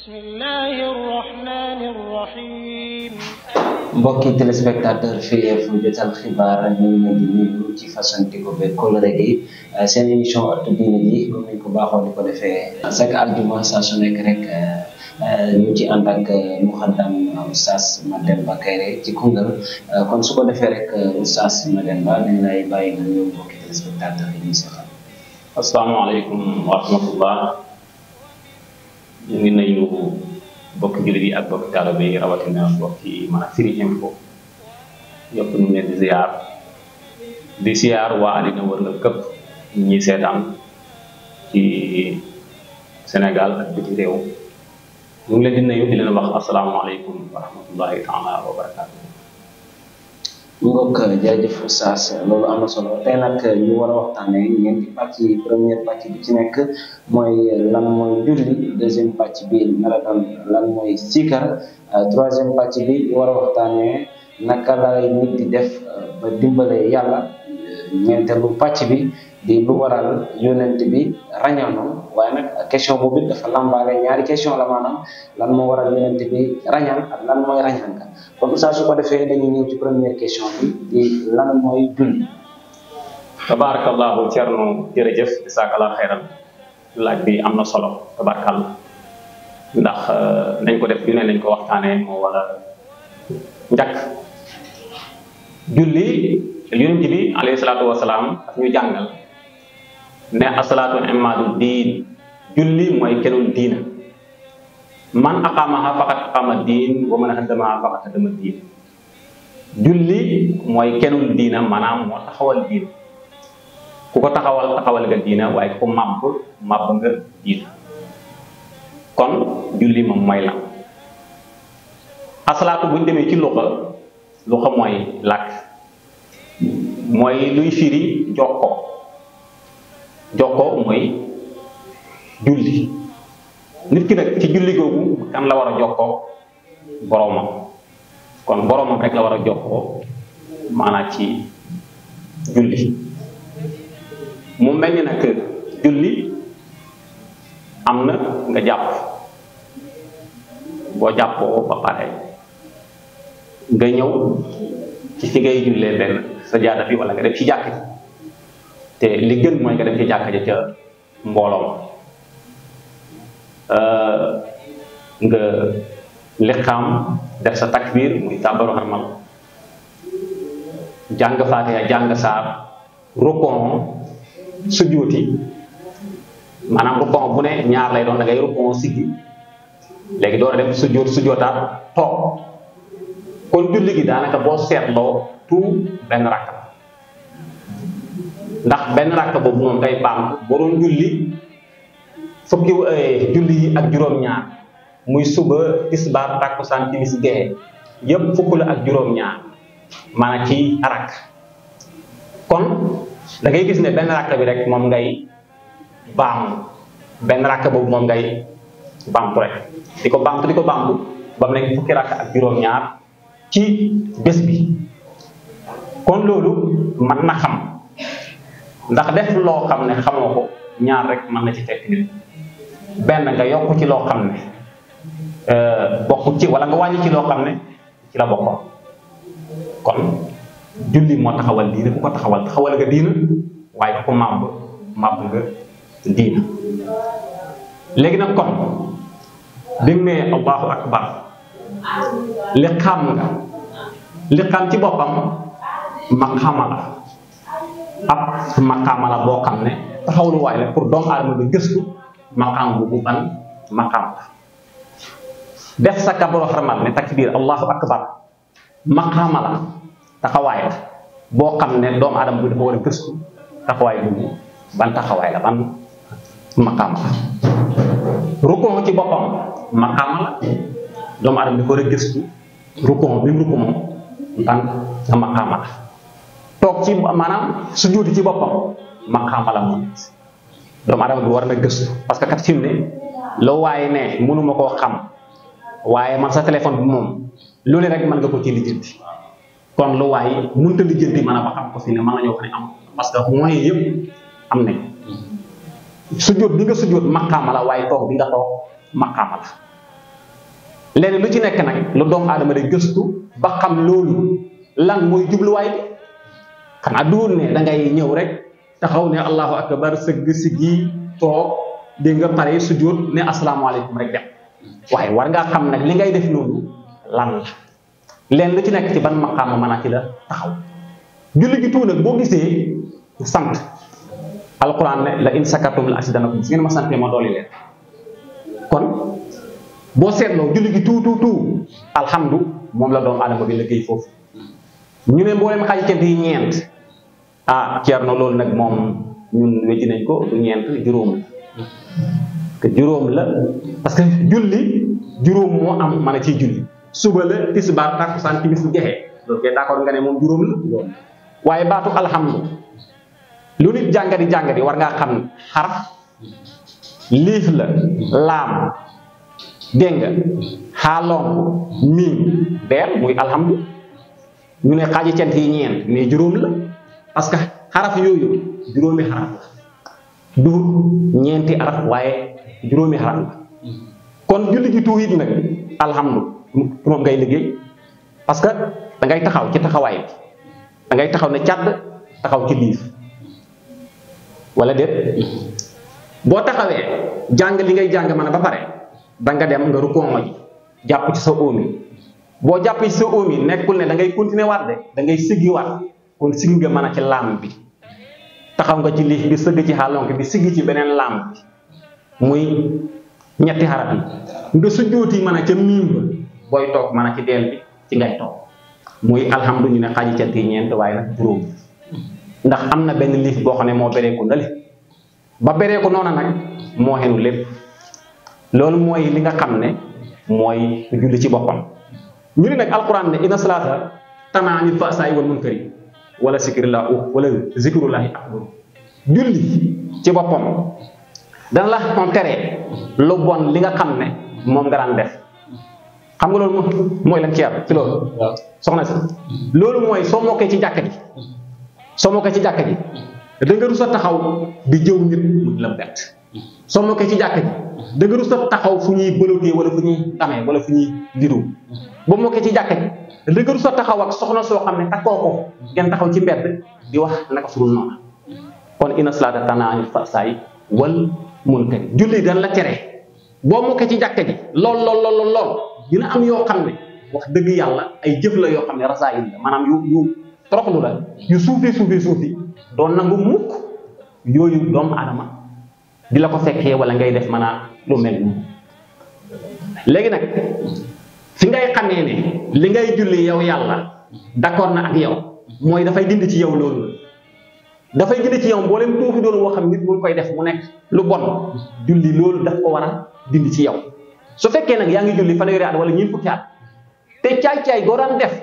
بسم الله الرحمن الرحيم mbokki téléspectateur fii fu jotal xibaar ñu ngi leen di nuyu ci façon di ko be coloré gi seen émission ëttu diine ji comme niñ ko baaxoo di ko defee chaque aljuma saa su nekk rek ñu ci ànd ak muxaddam oustaz Mademba Kairé ci Koungheul kon su ko defee rek oustaz Mademba dañ lay bàyyi nga nuyu mbokki téléspectateur yi ñuy seqal asalaamaaleykum wa rahmatullah mu ngi nuyu bokk jullit yi ak bokki taalibe yi rawatina bokki ma Firi Infos yëpp ñu ngi leen di ziar di ziar waa àddina wër këpp ñi seetaan ci Sénégal ak biti réew ñu ngi leen di nuyu di leen wax asalaamaaleykum wa rahmatullahi taala wa barakaatu. mu ngoog jaajëf saas loolu am na solo tey nag ñu war a waxtaanee ñeenti pàcc yi première pàcc bi ci nekk mooy lan mooy julli deuxième eh, pàcc bi nara tam lan mooy sikar troisième pàcc bi war a waxtaanee naka la nit di def ba dimbale yàlla ñeenteelu pàcc bi di bu waral yonent bi ràññaanam waaye nag question boobu dafa lambaale ñaari question la maanaam lan moo waral yonent bi ràññaan ak lan mooy ràññaan ka kon oustaz su ko defee dañuy ñëw ci première question bi di lan mooy julli tabarakallahu Thierno jërëjëf jazakallah xayran laaj bi am na solo tabarakallah ndax euh, nañ ko def ju ne nañ ko waxtaanee moo wala njàkk julli yonent bi alayhi salaatu wasalaam daf ñu jàngal ne asalaatu imaadu diin julli mooy keneen diina man aqaamaha faqat aqaama diin wa man haddamaha faqat haddama diin julli mooy keneen diina maanaam moo taxawal diina ku ko taxawal taxawal nga diina waaye ku màbb màbb nga diina kon julli moom mooy lan asalaatu buñ demee ci luxa luxa mooy làkk mooy luy firi jox ko jokkoo mooy julli nit ki nag ci julli googu kan la war a jokkoo boroomam kon boroomam rek la war a jokkoo maanaam ci julli mu mel ni nag julli am na nga jàpp boo jàppoo ba pare nga ñëw ci si ngay jullee benn sa jaada bi wala nga def ci jàkk té li gën moy nga dem ci jàkka ja mbolo euh nga xam def sa takbir muy tabaru xarmal jang faatiha jàng saar Rukun, sujudi. maanaam rukun? bu ne ñaar lay doon da ngay rukun sigi legi do dem sujud sujootaat tok kon julli gi daanaka boo seetloo tu ben rakk ndax benn rakk boobu moom day baam boo doon julli fukki eh, julli yi ak juróom-ñaar muy suba tisbaar takkusaan timis gexe yëpp fukk la ak juróom-ñaar maanaam ci rakk kon da ngay gis ne benn rakk bi rek moom ngay baam benn rakk boobu moom ngay bamp rek di ko bamp di ko bamp ba mu nekk fukki rakk ak juróom-ñaar ci bés bi kon loolu mën na xam ndax def loo xam ne xamoo ko ñaar rek mën na ci tekk nit benn nga yokk ci loo xam ne euh, bokk ci wala nga wàññi ci loo xam ne ci la bokkoon kon julli moo taxawal diina ku ko taxawal taxawal nga diina waaye ku ko màbb màbb nga diina léegi nag kon bi mu nee baax akbar li xam nga li xam ci boppam maqaama la ab maqaama la bo xamne taxawlu way la pour dom adam bi gëstu makam bu bu ban makam def sa kabaru xarmal ne takbir allahu akbar maqaama la taxaway la bo xamne dom adam bi dafa wara a gëstu taxawaay bu ban taxaway la ban makam la rukon ci bopam makam la dom adam bi ko rek gëstu bi mu rukon ban la tok ci maanaam Sujud ci boppam maqaama mo do ma dama du war na geus parce que kat ci ne lo waaye ne munu mako xam waye man sa telephone bu mom lolé rek man nga ko ci lijeenti kon lo waay mënta ta lijeenti man ba xam ko fi ne man nañoo ñoo ne am parce que moy yëpp am nañ sujjóot bi nga sujjóot maqaama la waaye tok bi nga tok maqaama la lu ci nek nak lu doom aadama de ba xam lolou lan djublu way xana duul ne da ngay ñëw rek taxaw ne allahu akbar sëgg gi toog dégg nga pare sujjóot ne asalaamaaleykum rek dem waaye war nga xam nag li ngay def noonu lan la lenn ci nekk ci ban maqaama mën ci la taxaw julli gi tuunag boo gisee gitu, eh. sant alquran ne eh, la in sakatum la asidanakum su ngeen ma santee ma dooli leen eh. kon boo seetloo julli gi tuu tuu tuu alhamdu moom la mobil aadama bi liggéey foofu ñu ne di ñeent ah ciarno nolol nak mom ñun wéji nañ ko du ñeent juróom te juróom la parce que julli juróom mo am mën ci julli suba la tak san timis bu jeexee loolu kay d'accord nga ne mom juróom la waye batu alhamdu lu nit jàngadi jàngadi war nga xam harf lif la lam denga halong mi miim muy alhamdu ñu ne xaji cent yi ñeent mais la parce que xaraf yooyu juromi xaraf du ñenti araf waye juromi xaraf kon julli gi tuhid nak alhamdu mom ngay liggey parce que da ngay taxaw ci taxaway da ngay taxaw na ciad taxaw ci liif wala det bo taxawé jang li ngay jang man ba paré da nga dem nga rukoon ji japp ci sa omi bo japp ci sa omi nekul ne da ngay continuer waat de da ngay siggi waat kon sigg nga mën a ci laam bi taxaw nga ci liif bi sëgg ci xàllonk bi sigg ci beneen laam bi muy ñetti xarab yi nga su jóoti mën a ca miim ba booy toog mën a ci deel bi ci ngay toog muy alhamdu ñu ne xaaji ñeent waaye nag juróom ndax am na benn liif boo xam ne moo bereeku ndale ba bereeku noona moo xenu mooy li nga xam ne mooy julli ci boppam ñu ne nag alquran ne inna salaata tanaa anil fahsaa'i wal munkari wala sikirillaa wala zikrullaahi ci boppam dana la moom tere lu bon li nga xam ne moom nga daan xam nga loolu mooy lan ci yar ci loolu soxna si loolu mooy soo mokkee ci jàkka ji soo mokkee ci jàkka ji da nga rus taxaw di jëw nit la bett soo ko ci jàkk ji dëgëru sa taxaw fu ñuy bëlotee wala fu ñuy tamee wala fu ñuy diru ba moo ci jàkk ji dëgëru sa taxaw ak soxna soo xam ne takkoo ko ngeen taxaw ci mbedd di wax naka surul noonu kon inna salaata tanhaa anil fahshaa'i wal munkari julli dañ la tere boo moo ci jàkk ji lool lool lool lool dina am yoo xam ne wax dëgg yàlla ay jëf la yoo xam ne rasaayil la maanaam yu yu toroxlu la yu suufee suufee suufee doon nangu mukk yooyu doomu adama di la ko sekkee wala ngay def maanaam lu mel nii léegi nag fi ngay xamee ne li ngay julli yow yàlla d'accord na ak yow mooy dafay dind ci yow loolu dafay dindi ci yow mboolem tuufi doon woo xam nit mu koy def mu nekk lu bon julli loolu daf ko war a dindi ci yow su fekkee nag yaa ngi julli fanweeri at wala ñeent fukki at te caay-caay goo daan def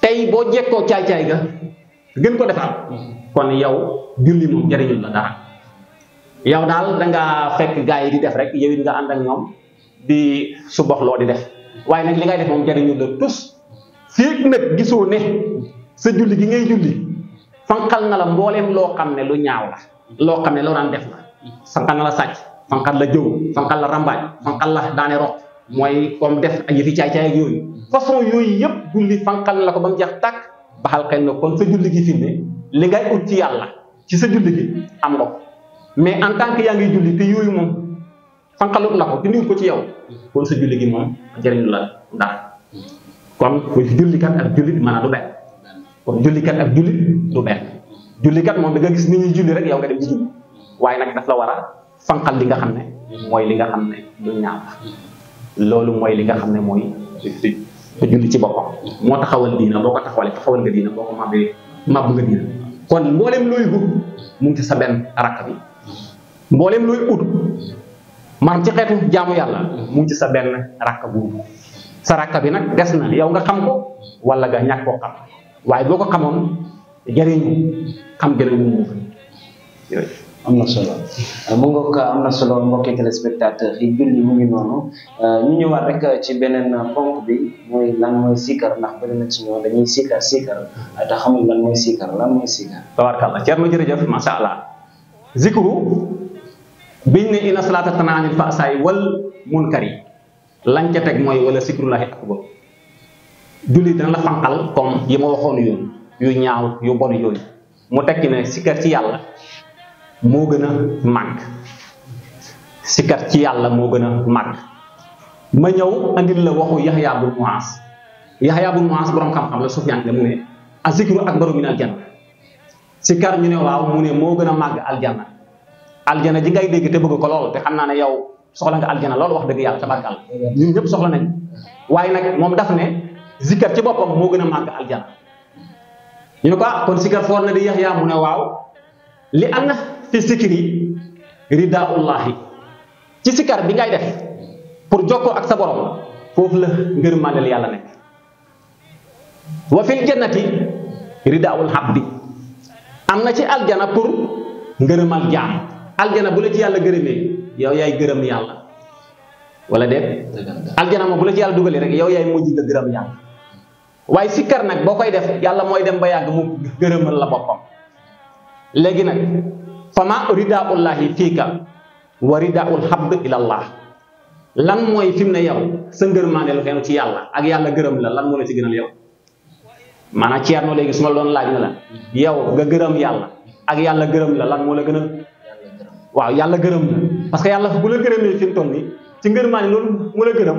tey boo jekkoo caay-caay ga gën ko defaat kon yow julli moom jëriñul la dara. yow daal danga fekk gars yi di def rek yow it nga ànd ak ñoom di su boxloo di def waaye nag li ngay def moom jariñu la tus féeg nag gisoo ne sa julli gi ngay julli fanqal na la mbooleem loo xam ne lu ñaaw loo xam ne loo daan def la fanqal na la sàcc la jëw fanqal la rambaaj fanqal la daane mooy comme def ak yëfi caay-caay yooyu façon yooyu yëpp julli fanqal na la ko ba mu jeex tàkk baxal xel na kon sa julli gi fi ne li ngay ut ci yàlla ci sa julli gi am nga mais en tant que yaa ngi julli te yooyu moom fanqalut na ko dindiwut ko ci yow kon sa julli gi moom jëriñu la ndax kon muy jullikat ak jullit maanaam du benn kon ak jullit du moom da nga gis ni julli rek yow waaye nag daf la war li nga xam ne loolu mooy li nga xam ne mooy te ci boppam moo taxawal diina boo ko taxawalee taxawal nga diina boo mu ngi sa benn rakk bi mbollem looy ut man ci xeetu jaamu yalla mu ci sa ben rakk boobu sa rakk bi nag des na yow nga xam ko wala ga ñak ko xam waye boko xamoon jëriñu xam jëriñu mu fa amna solo mo ngoog ko amna solo mbokki téléspectateur yi julli mu ngi nonu euh, ñu ñëwaat rek ci benen fonk bi moy lan moy sikar ndax bëri na ci ñoo dañuy sikar sikar te xamul lan moy sikar lan mooy siikar tabarkàlla ceerno ma sha allah zikru biñ ne inna salaata tanhaa anil fahsaa'i wal munkari lañ ca teg mooy wala sikrullahi akbar julli dina la fanqal comme yi ma waxoon yooyu yu ñaaw yu bon yooyu mu tekki ne sikar ci yàlla moo gën a màgg ci yàlla moo gën a ma ñëw andil la waxu yaxya bul muas yaxya boroom xam-xam la sufyaan la mu ne azikru akbaru min aljanna sikar ñu ne waaw mu ne moo gën a màgg aljanna aljana ji ngay deg te bëgg ko lool te xamna yow soxla nga aljana lool wax deug yalla tabarkal ñun ñep soxla nañ waye nak mom daf ne zikkar ci bopam mo gëna mag aljana ñu ko ah, kon sikkar for na di yahya mu ne waw li anna fi sikri ridaullahi ci sikkar bi ngay def pour joko ak sa borom fofu la manal yalla nek wa fil jannati ridaul habdi amna ci aljana pour ngeureumal jamm aljana bu la ci yàlla gërëmee yow yaay gërëm yàlla wala déet aljana moom bu la ci yàlla dugalee rek yow yaay mujj nga gërëm yàlla waaye sikkar nag boo koy def yàlla mooy dem ba yàgg mu gërëmal la boppam léegi nag fama ridaullahi fiika wa ridaul habd ilallah lan mooy fi mu ne yow sa ngërmaande lu xenu ci yàlla ak yàlla gërëm la lan moo ci gënal yow maanaam ceerno léegi su ma laaj ne la yow nga gërëm yàlla gërëm la lan moo la gënal waaw yàlla gërëm la parce que yàlla bu la gërëm fi mu toll nii ci ngërmaa ne loolu mu la gërëm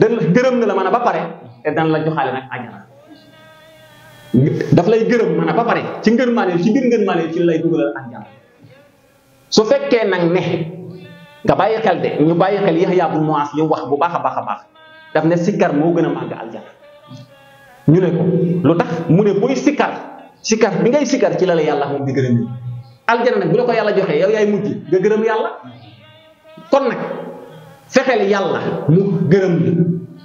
dan gërëm na la maanaam ba pare te la joxaale nag daf lay gërëm maanaam ba pare ci ngërmaa ne ci biir ngërmaa ne ci lay dugalal su fekkee nag ne nga bàyyi xel de ñu bàyyi xel Yahya bu Mu'aas li wax bu baax baax a baax daf ne sikkar moo gën a màgg aljana ñu ne lu tax mu ne booy sikkar sikkar bi ngay sikkar ci la la yàlla moom di gërëm aljana nag bu la ko yàlla joxee yow yaay mujj nga gërëm yàlla kon nag fexeel yàlla mu gërëm li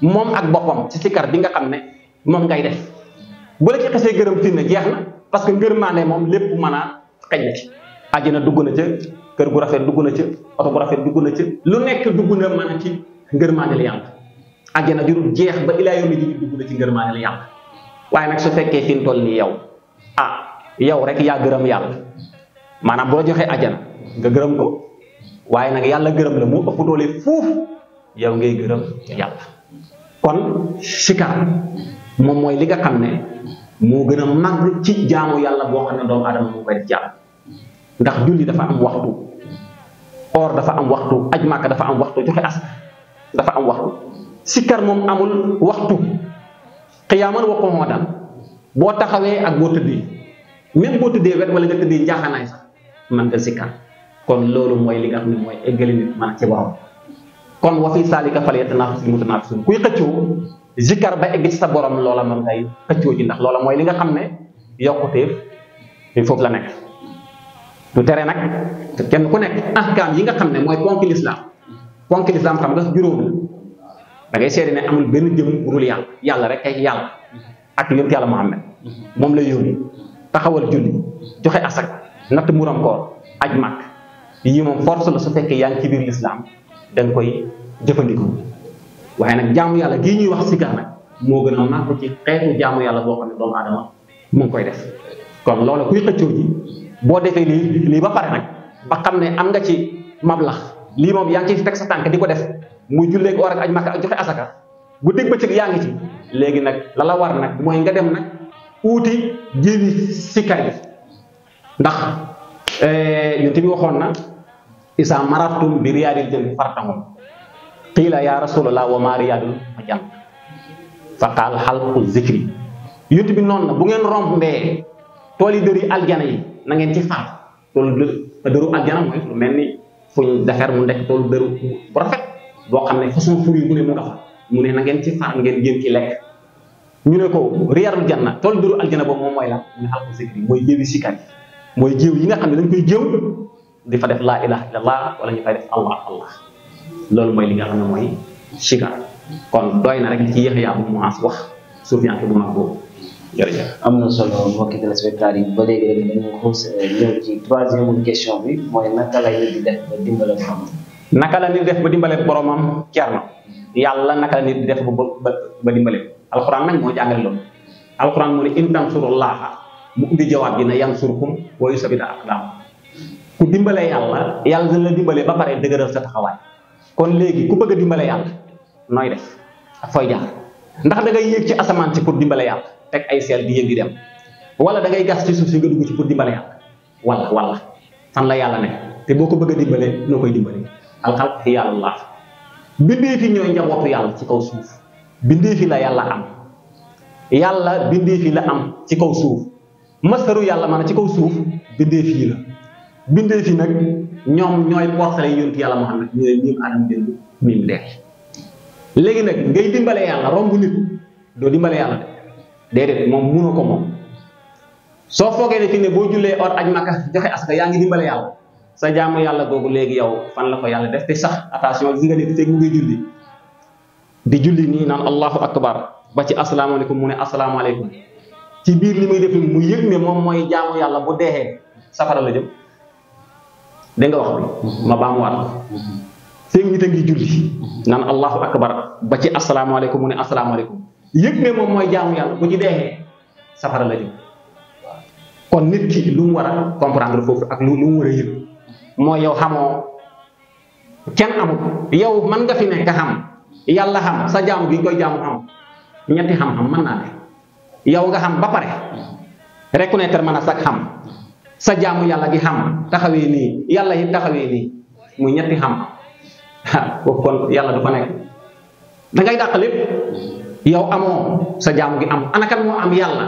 moom ak boppam ci sikar bi nga xam ne moom ngay def bu la ci xasee gërëm fii ne jeex na parce que ngërmaane moom lépp mën a xaj na ci dugg na ca kër gu rafet dugg na ca oto bu rafet dugg na ca lu nekk dugg na mën a ci ngërmaane li yàlla àjjana jurul jeex ba ilaa yomi ji dugg na ci ngërmaane li yàlla waaye nag su fekkee fi mu toll nii yow ah yow rek yaa gërëm yàlla manam bo joxe joxee nga gërëm ko waye nak yalla gërëm la mo ëpp doole fuf yow ya ngay gërëm yalla kon sikar mom moy li nga xamne mo gëna mag ci jaamu yalla bo xamne doom adam mo moo koy ndax julli dafa am waxtu or dafa am waxtu aj màkka dafa am waxtu joxe as dafa am waxtu sikar mom amul waxtu xiyaamal wa qoodan bo taxawé ak bo tuddé même bo tuddé wét wala nga tuddé jaxanaay sax mën nga sikkar kon loolu mooy li nga xam ne mooy eggali nit mën a ci waaw kon wa fi saalika fal yatanaafasil mutanaafisuun kuy xëccoo zikkar ba egg ci sa borom loola moom ngay xëccoo ji ndax loola mooy li nga xam ne yokkuteef fi foofu la nekk du tere nag kenn ku nekk ahkaam yi nga xam ne mooy ponk lislaam ponk lislaam xam nga juróom la da ne amul benn jëm rul yàlla yàlla rek kay yàlla ak yonent yàlla Muhammad moom la yónni taxawal julli joxe nat muram ko aj mak yi mom force la su fekke yang ci bir lislaam dang koy jëfandikoo waye nak jaamu yalla gi ñuy wax ci nag nak mo a na ko ci xéetu jaamu yalla bo xamni doom adama mu koy def kon loolu kuy xëccu ji bo defee li li ba paré nak ba xamné am nga ci mablax li mom yang ci tek sa tank di def mu julleeg or ak aj mak ak joxe asaka bu dégg bëccëg yaa ci légui nak la la war nak moy nga dem nak outi sikay def ndax eh, yonent bi waxoon na isa maratum bi riyaadil jënd fartangum qiila yaa rasulallah wa maa riyaadul ma jàmm faqaal xalqu zikri yonent bi noon na bu ngeen romb mbee tool yi dëri aljana yi na ngeen ci faal toolu dë dëru lu mel ni fu defar mu nekk toolu dëru bu rafet boo xam ne façon fur yi mu ne mu nga fa mu ne na ngeen ci faal ngeen jéem ci lekk ñu ne ko riyaadul janna tool dëru aljana boobu moom mooy la mu ne xalqu zikri mooy jébi sikar yi moy jiw yi nga xam dañ koy jëw di fa def la ilaha illallah wala ñu fa def allah allah loolu moy li nga xam moy mooy kon doyna rek ci yahya bu mu wax sufyan bu mag boobu amna solo mo solo mbokki téléspectateurs yi ba léegi rek dañu xuus ñëw ci troisième question bi moy naka la nit eh, di def ba dimbalé boromam naka la nit def ba dimbale boromam ceerno yalla naka la nit di def ba dimbalé dimbale alquran nag moo jàngale loolu alquran mu ne in tansurullaha mu jawab gina yang ne yansurkum wa yusabbit aqdam ku dimbalé yalla yalla dina la dimbale ba paré deugëral sa taxaway kon légui ku bëgg dimbalé yalla noy def ak fooy jaar ndax da ngay yegg ci asaman ci pour dimbalé yalla tek ay sel di yéeg di dem wala da ngay gas ci suuf ci nga dugg ci pour dimbalé yalla wala wala fan la yalla ne té boko bëgg dimbalé nokoy dimbalé al khalq alxalq fi yàlla fi ñoy yalla ci kaw suuf bindé fi la yalla am yalla bindé fi la am ci kaw suuf masaru yalla man ci kaw suuf bindé fi la bindé fi nak ñom ñoy portale yontu yalla muhammad ñoy ñim miim adam dénd miim deer légui nak ngay dimbalé yalla rombu nit do dimbalé yalla de déedéet moom munoo ko mom so foggé ne fi né bo jullé or aj makka joxé aska ya ngi dimbalé yalla sa jaamu yalla googu légui yow fan la ko yalla def te sax attention gi nga nit té mu ngi julli di julli ni nan allahu akbar ba ci alaykum mu assalamu alaykum ci biir li muy def mu yëg ne moom mooy jaamu yàlla bu deexee safara la jëm dégg nga wax bi ma baamuwaat ko feeg nit a ngi julli naan allahu akbar ba ci asalaamaaleykum mu ne asalaamaaleykum yëg ne moom mooy jaamu yàlla bu ci deexee safara kon nit ki lu mu a comprendre foofu ak mu war a yëg mooy yow xamoo kenn amul yow man xam sa jaam bi koy jaamu xam ñetti xam-xam mën naa yow ya nga xam ba pare reconnaître mën sax xam sa jaamu yalla gi xam taxawé ni yalla yi taxawé ni muy ñetti xam ko kon yalla du fa nekk da ngay dakk lepp yow amo sa jaamu gi am ana kan mo am yalla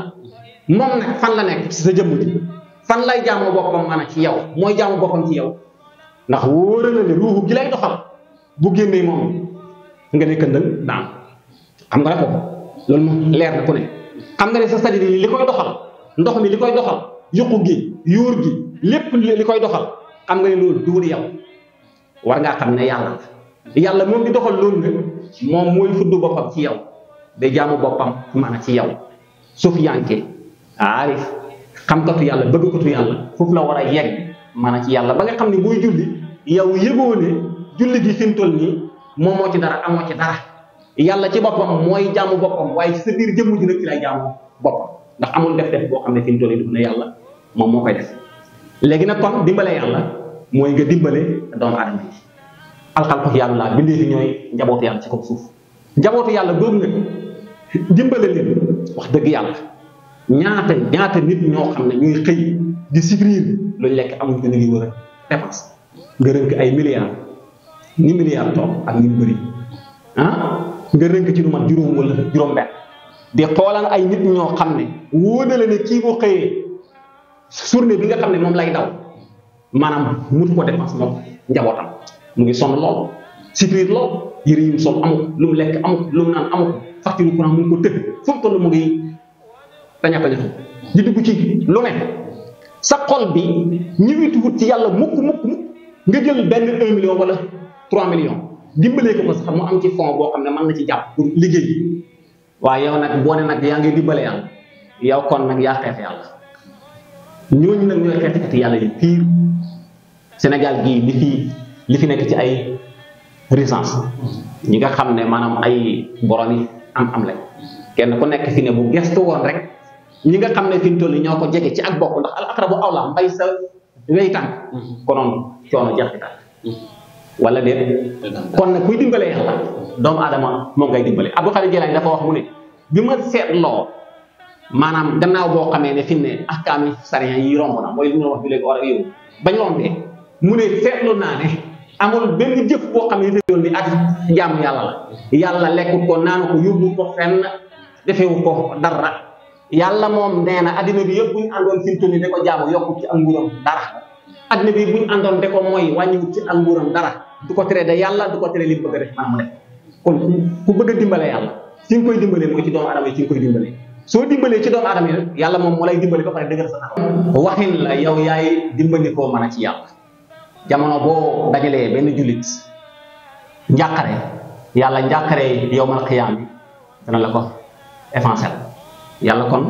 mom nak fan la nek ci sa jëm ji fan lay jaamoo bopam maanaam ci yow moy jaamu bopam ci yow ndax wóora na ni ruuxu gi lay doxal bu génnee mom nga ne këndal daan xam nga ne ko loolu moom leer na ko nek xam nga ne sa sari li koy doxal ndox mi li koy doxal yuqu gi yuur gi lépp li koy doxal xam nga ne loolu duur yow war nga xam ne yàlla yàlla moom di doxal loolu nag moom mooy du boppam ci yow day jaamu boppam maanaam ci yow sufiyanke aarif xamkatu yàlla bëggkatu yàlla foofu la war a yegg maanaam ci yàlla ba nga xam ne booy julli yow yëgoo ne julli gi fi nii moom moo ci dara amoo ci dara yàlla ci boppam mooy jaamu boppam waaye sa biir jëmm ji nag ci lay jaamu boppam ndax amul def-def boo xam ne fi mu toll ne yàlla moom moo koy def léegi nag kon dimbale yàlla mooy nga dimbale doomu yàlla bindee fi ñooy njabootu yàlla ci kaw yàlla góob nag wax dëgg yàlla ñaata ñaata nit ñoo xam ne ñuy xëy di souffrir lu lekk amuñ ko ñu ngi war a dépense nga rënk ay milliards ni milliards toog ak ni bëri ah. nga rënk ci lu mat juróom wala juróom-benn di xoolal ay nit ñoo xam ne wóodale ne kii boo xëyee journée bi nga xam ne moom lay daw maanaam mutu ko dépense moom njabootam mu ngi sonn lool si biir lool yëre yum sol amu lu mu lekk amu lu mu naan amu facture courant mu ngi ko tëdd fu mu toll mu ngi taña di dugg ci lu ne sa xol bi ñëwituwut ci yàlla mukk mukk mukk nga jël benn un million wala trois millions dimbalee ko ko sax mu am ci fond boo xam ne mën na ci jàpp pour liggéey waaye yow nag boo ne nag yaa ngi dimbale yàlla yow kon nag yaa xeex yàlla ñooñu yàlla yi fii Sénégal gii li fi li fi nekk ci ay récence ñi nga xam ne maanaam ay borom yi am am lañ kenn ku nekk fi ne bu gestu woon rek ñi nga xam ne fi mu toll ñoo ko jege ci ak bokk ndax al aqrabu awla mbay sa weytaan mm-hmm. konoon coono jeexital wala déet kon nag kuy dimbale yàlla doomu aadama moom ngay dimbale Abdul Xaadir Jilaani dafa wax mu ne bi ma seetloo maanaam gannaaw boo xamee ne fi mu ne ahkaami sariya yi romb na mooy li ma wax bi léegi war a mu xam ne réyoon ni ak jaamu yàlla yàlla lekkut ko naanu ko yóbbu ko fenn defewu ko dara yàlla moom nee na addina bi yëpp buñ àndoon fi mu toll nii da ko jaamu yokku ci ak nguuram dara addina bi buñ àndoon da ko mooy wàññiwut ci ak dara du ko teree da yàlla du ko tere li mu bëgg a def man mu def kon ku bëgg dimbale yàlla ci nga koy dimbalee mooy ci doomu aadama soo dimbalee ci doomu aadama yi rek yàlla moom moo lay dimbale ba pare dëgër sa taxaw waxin la mën a ci yàlla jamono boo dajalee benn jullit yàlla njàqare yowmal xiyaam bi dana la ko effacé yàlla kon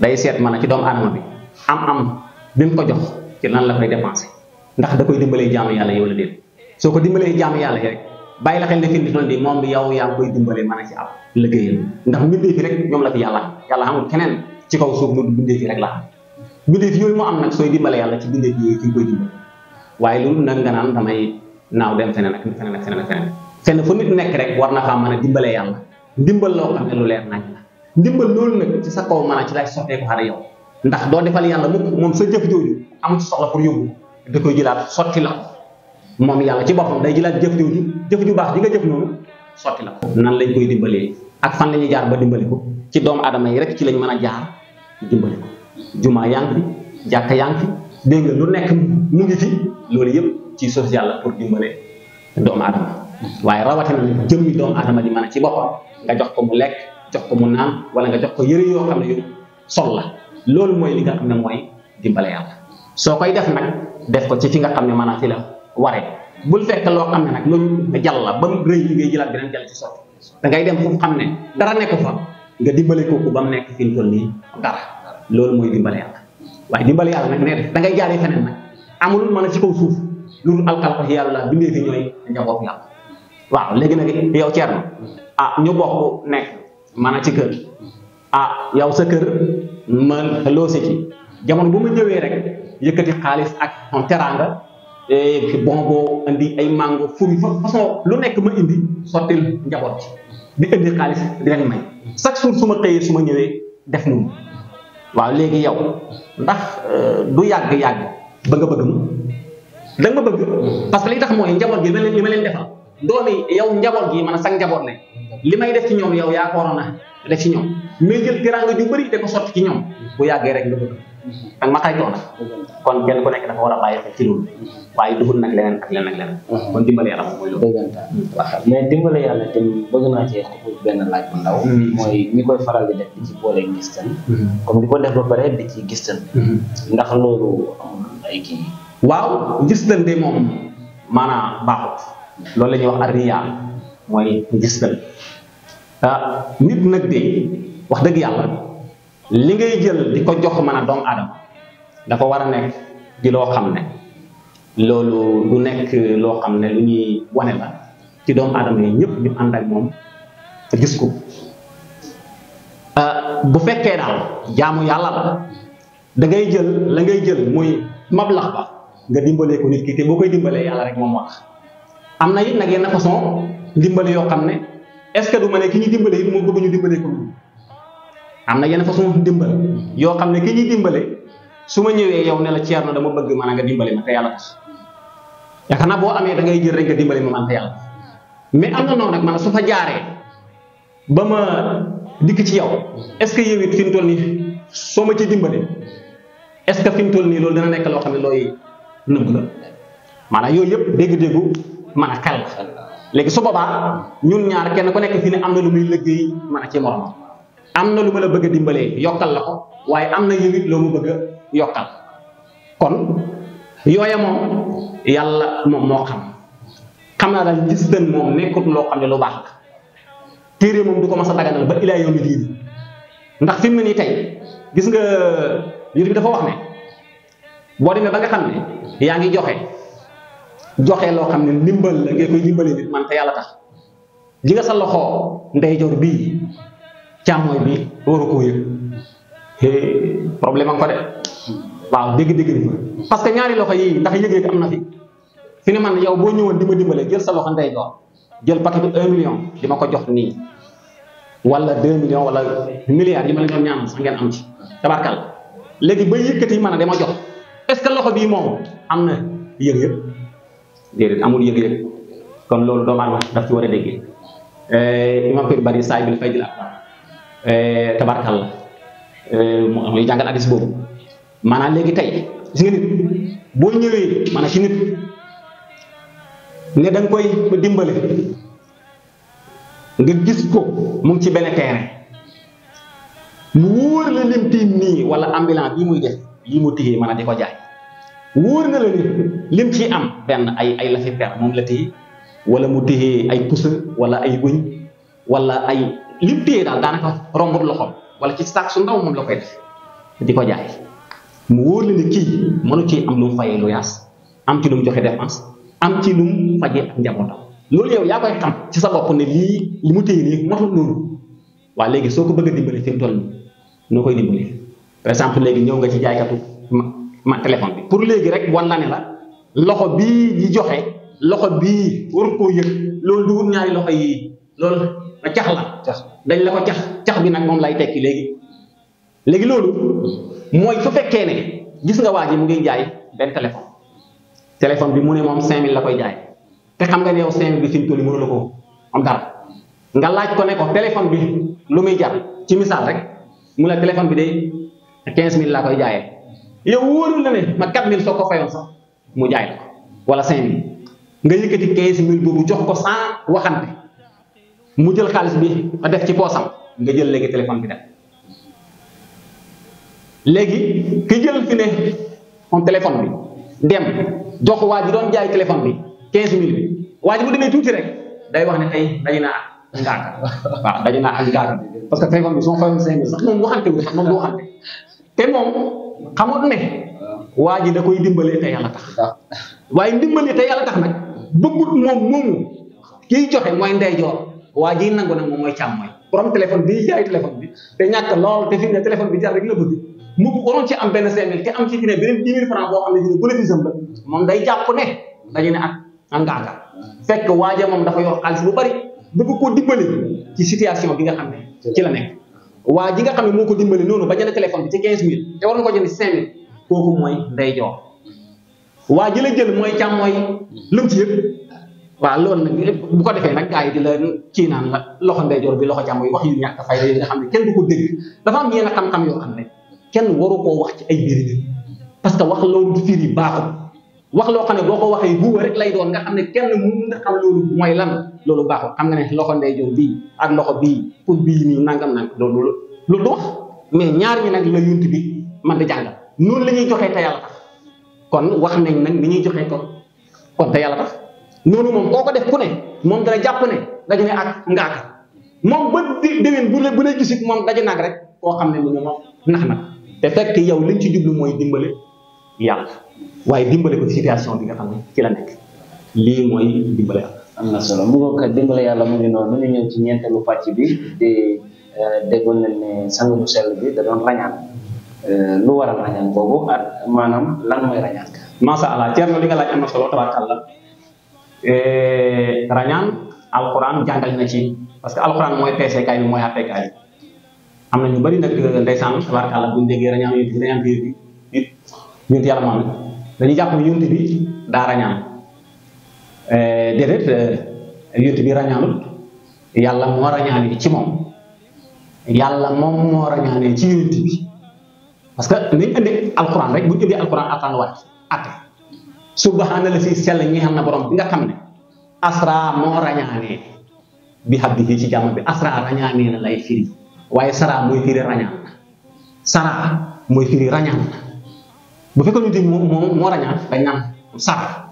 day seet mën a ci doomu aadama bi am am bi mu ko jox ci lan la koy dépensé ndax da koy dimbalee jaamu yàlla yow la déet soo ko dimbalee jaamu yàlla yi rek bàyyi la xel ne fi mu toll nii yow yaa ngi koy dimbale mën a ci ndax mbindee rek ñoom la fi yàlla yàlla amul keneen ci kaw suuf mu la am mbindee fi am nag sooy dimbale yàlla ci mbindee fi yooyu waaye loolu nag nga damay naaw dem feneen ak feneen ak nekk rek war na faa mën a dimbalee yàlla ndimbal loo xam ne lu leer loolu nag ci sa kaw mën ci lay sottee ko ndax doo defal yàlla mukk moom sa jëf jooju amul ci soxla pour yóbbu da koy sotti la mom yalla ci bopam day jëlaat jëf jooju jëf ju bax di nga jëf non soti la nan lañ koy dimbalé ak fan lañu jaar ba dimbalé ko ci doom adamay rek ci lañ mëna jaar dimbalé ko juma yang fi jakka yang fi de nga lu nekk mu ngi fi loolu yëpp ci social yalla pour dimbalé doom adam waye rawati na jëmmi doom aadama di mëna ci bopam nga jox ko mu lek jox ko mu naan wala nga jox ko yëre yo xam yu sol la loolu moy li nga xam moy dimbalé yalla yàlla koy def nak def ko ci fi nga xam mëna maanaam fi la ware bul fekk loo xam ne nag loolu jàll ba mu rëy li ngay jëlaat beneen jàll ci sotti da ngay dem foofu xam ne dara nekk fa nga dimbale kooku ba mu nekk fi mu toll nii dara loolu mooy yàlla waaye dimbale yàlla nag nee def da ngay jaaree feneen nag amulul mën a ci kaw la bindee fi ñooy njaboot yàlla waaw léegi nag yow ceerno ah ñu bokk nekk maanaam ci kër a ah yow sa kër ma loose ci jamono bu ma rek yëkkati xaalis ak teraanga Eh, bongo indi ay mango fruit fa soo lu nekk ma indi sottil njaboot di indi xaalis di leen may chaque jour su ma xëyee su ma ñëwee def noonu waaw léegi yow ndax euh, du yàgg-yàgg ba nga bëgg ma ma bëgg parce que li tax mooy njaboot gi li ma leen defal doomi yow njaboot gi man sax njaboot ne li may def ci ñoom yow yaa ko waroon a def ci ñoom mais jël teraanga ju bëri da ko sotti ci ñoom bu yàggee rek nga bëgg ak ma xaytoo nag kon kenn ku nekk dafa war a waaye dugul nag leneen ak leneen ak leneen kon dimbale yàlla mooy loolu mais dimbale yàlla benn laaj ndaw hmm. mooy ñi koy faral di def di ci boole gis hmm. comme di ko def ba pare di ci gis tan hmm. ndax loolu amul ay kii waaw gis de moom maanaam baaxut loolu la ñuy wax arriya mooy gis ah nit nag de wax dëgg yàlla li ngay jël di jox mën doom adam dafa wara nek di lo xamne ne du nek lo xamne ne lu ñuy wane la ci doom adam yi ñepp ñu and ak moom gis ko euh, bu fekke dal jaamu yalla la da ngay jël la ngay jël muy mablax ba nga dimbalé ko nit ki té bokay dimbalé yalla rek mom wax amna yit nak façon dimbalé yo est-ce que du mané ki ñi dimbalé bëgg ñu dimbalé ko am na yenn façon dimbal yoo xam ne ki ñuy dimbale su ma ñëwee yow ne la Thierno dama bëgg maanaam nga dimbale ma te yàlla tax yaakaar naa boo amee da ngay jël rek nga dimbale ma man te yàlla mais am na noonu nag maanaam su fa jaaree ba ma dikk ci yow est ce que yow it fi soo ma ci dimbale est ce que nii loolu dina nekk loo xam ne looy nëbb la maanaam yooyu yëpp dégg man mën a xel léegi su boobaa ñun ñaar kenn ku nekk fii ne am na lu muy liggéey mën a ci morom amna na lu ma la bëgg dimbalé yokal yokkal la ko waaye am na bëgg yokal kon yoyé mom yalla mom mo xam xam naa daal gis den mom nekkut lo xam ne lu baax téré mom duko mësa daganal ba ila yow mi diin ndax fimni ni tay gis nga yëri bi dafa wax né bo démé ba nga xam ne yaa joxé joxe joxe xam la ngay koy dimbalee nit man ta yalla tax ji nga sa loxo jor bi càmmooy bi war a koo yëg problème am ko de waaw dégg-dégg bi parce que ñaari loxo yii ndax yëg-yëg am na fi fi ne man yow boo ñëwoon di ma dimbale jël sa loxo ndeyjoor jël paquet bi un di ma ko jox nii wala deux millions wala milliards yi ma leen doon ñaan sax ngeen am ci tabarkal léegi ba yëkkati man a dama jox est-ce que loxo bii moom am na yëg amul yëg-yëg loolu doomu aadama daf ci war a déggee eh, imam Pire Bari saay bi fay jël ak Eh, tabarkal la eh, muy jàngal addis boobu maanaam léegi tey gis nga nit boo ñëwee a si nit ne da nga koy dimbale nga gis ko mu ci benn terrain mu wóor la lim tiim nii wala ambulance bii muy def lii mu téye maanaam di ko jaay wóor na la ni lim ci am benn ay ay la fi per moom la téye wala mu téye ay pusa wala ay wëñ wala ay lim téye daal a rombut loxo wala ci saak su ndaw moom la koy def di ko jaay mu wóor la ni kii mënu ci am lu mu fayee lu yaas am ci lu mu joxe dépense am ci lu mu fajee ak njabootam loolu yow yaa koy xam ci sa bopp ne lii li mu téye nii motul loolu waa léegi soo ko bëgg a dimbale fi mu toll noo koy dimbale par exemple léegi ñëw nga ci jaaykatu ma téléphone bi pour léegi rek wan la ne la loxo bii di joxe loxo bii war koo yëg loolu du ñaari loxo yi loolu la cax la dañ la ko cax cax bi nag moom lay tekki léegi léegi loolu mooy su fekkee ne gis nga waa ji mu ngi jaay benn téléphone téléphone bi mu ne moom 5000 la koy jaay te xam nga ne yow 5000 bi la ko am nga laaj ko ne ko bi lu muy jar ci misaal rek mu la téléphone bi de 15000 laa koy jaaye yow wóorul la ne ma 4000 soo ko fayoon sax mu jaay la ko wala 5000 nga yëkkati 15000 boobu jox ko sans waxante. mu jël xaalis bi def ci poosam nga jël léegi téléphone bi dem léegi ki bi dem jox waa ji doon jaay téléphone bi 15000 bi waa ji bu demee tuuti rek day wax ne tey daje naa ak ngaaka waaw daje naa ak ngaaka parce que téléphone bi soo fayoon sax moom waxante wu sax moom waxante te moom xamoon ne waa ji da koy dimbalee te yàlla tax waaye dimbalee te yàlla tax nag bëggut moom moomu kiy joxe mooy ndeyjoor. waa ji nangu nag moom mooy càmmooñ borom téléphone bi jaay téléphone bi te ñàkk lool te fi ne téléphone bi la bëgg mu waroon ci benn cinq mille te am ci dina beneen dix ne dina moom day jàpp ne dañu ne ak ak ngaaka fekk waaja moom dafa yor xaalis bu bari bëgg koo dimbali ci situation bi nga xam ne ci la nekk waa nga xam ne moo ko dimbali noonu ba jënd téléphone bi ci quinze mille te war na ko jënd ci cinq mille kooku mooy ndey joor waa ji la jël mooy càmmooñ lëm ci yëpp waaw loolu nag bu ko defee nag gars yi di la kii naan la loxo ndeyjoor bi loxo jàmm yi wax yu ñàkk fayda yi nga xam ne kenn du ko dégg dafa am yenn xam-xam yoo xam ne kenn waru koo wax ci ay mbir parce que wax loolu du firi baaxul wax loo xam ne boo ko waxee buuba lay doon nga xam ne kenn mënu nga loolu mooy lan loolu baaxul xam nga ne loxo ndeyjoor bii ak loxo bii pour bii nii nangam nang loolu loolu du wax mais ñaar ñi nag la yunt bi man di jàngal loolu la ñuy joxee te yàlla tax kon wax nañ nag ñuy joxee kon kon te yàlla tax nonu mom koko def ku ne mom dara japp ne daje ak ngaka mom ba di déwén bu la gisit mom daje naag rek ko xam ne lu ne moom nax na te fekk yow liñ ci djublu moy dimbalé yalla waye dimbalé ko situation bi nga xam ci la nek li moy dimbalé yàlla. solo bu ko dimbalé yalla mu ngi non ñu ñew ci ñeenteelu pàcc bi di euh, déggoon na ne sang bu sell bi da doon rañan euh, lu wara rañan boobu ak manam lan rañan ma sha allah Thierno li nga laaj am solo tabarakallah rañaan alxuraan jàngal na ci parce que alxuraan mooy teeseekaay bi mooy àtteekaay bi am na ñu bëri nag ndeysaan tabarkàlla buñ déggee rañaan yonent bi rañaan biir bi it yonent yàlla maam dañuy jàpp ne yonent bi daa rañaan déedéet yonent bi rañaanut yàlla moo rañaanee ci moom yàlla moom moo rañaanee ci yonent bi parce que nañ indi alxuraan rek buñ indi alxuraan alxuraan wàcc àtte Subhanallah, si sell ñeel na borom bi nga xamne asra mo rañane bi xab ci jamm bi asra rañane na lay firi waye sara moy firi rañan na sara moy firi rañan bu fekk ñu di mo mo rañan dañ nan sara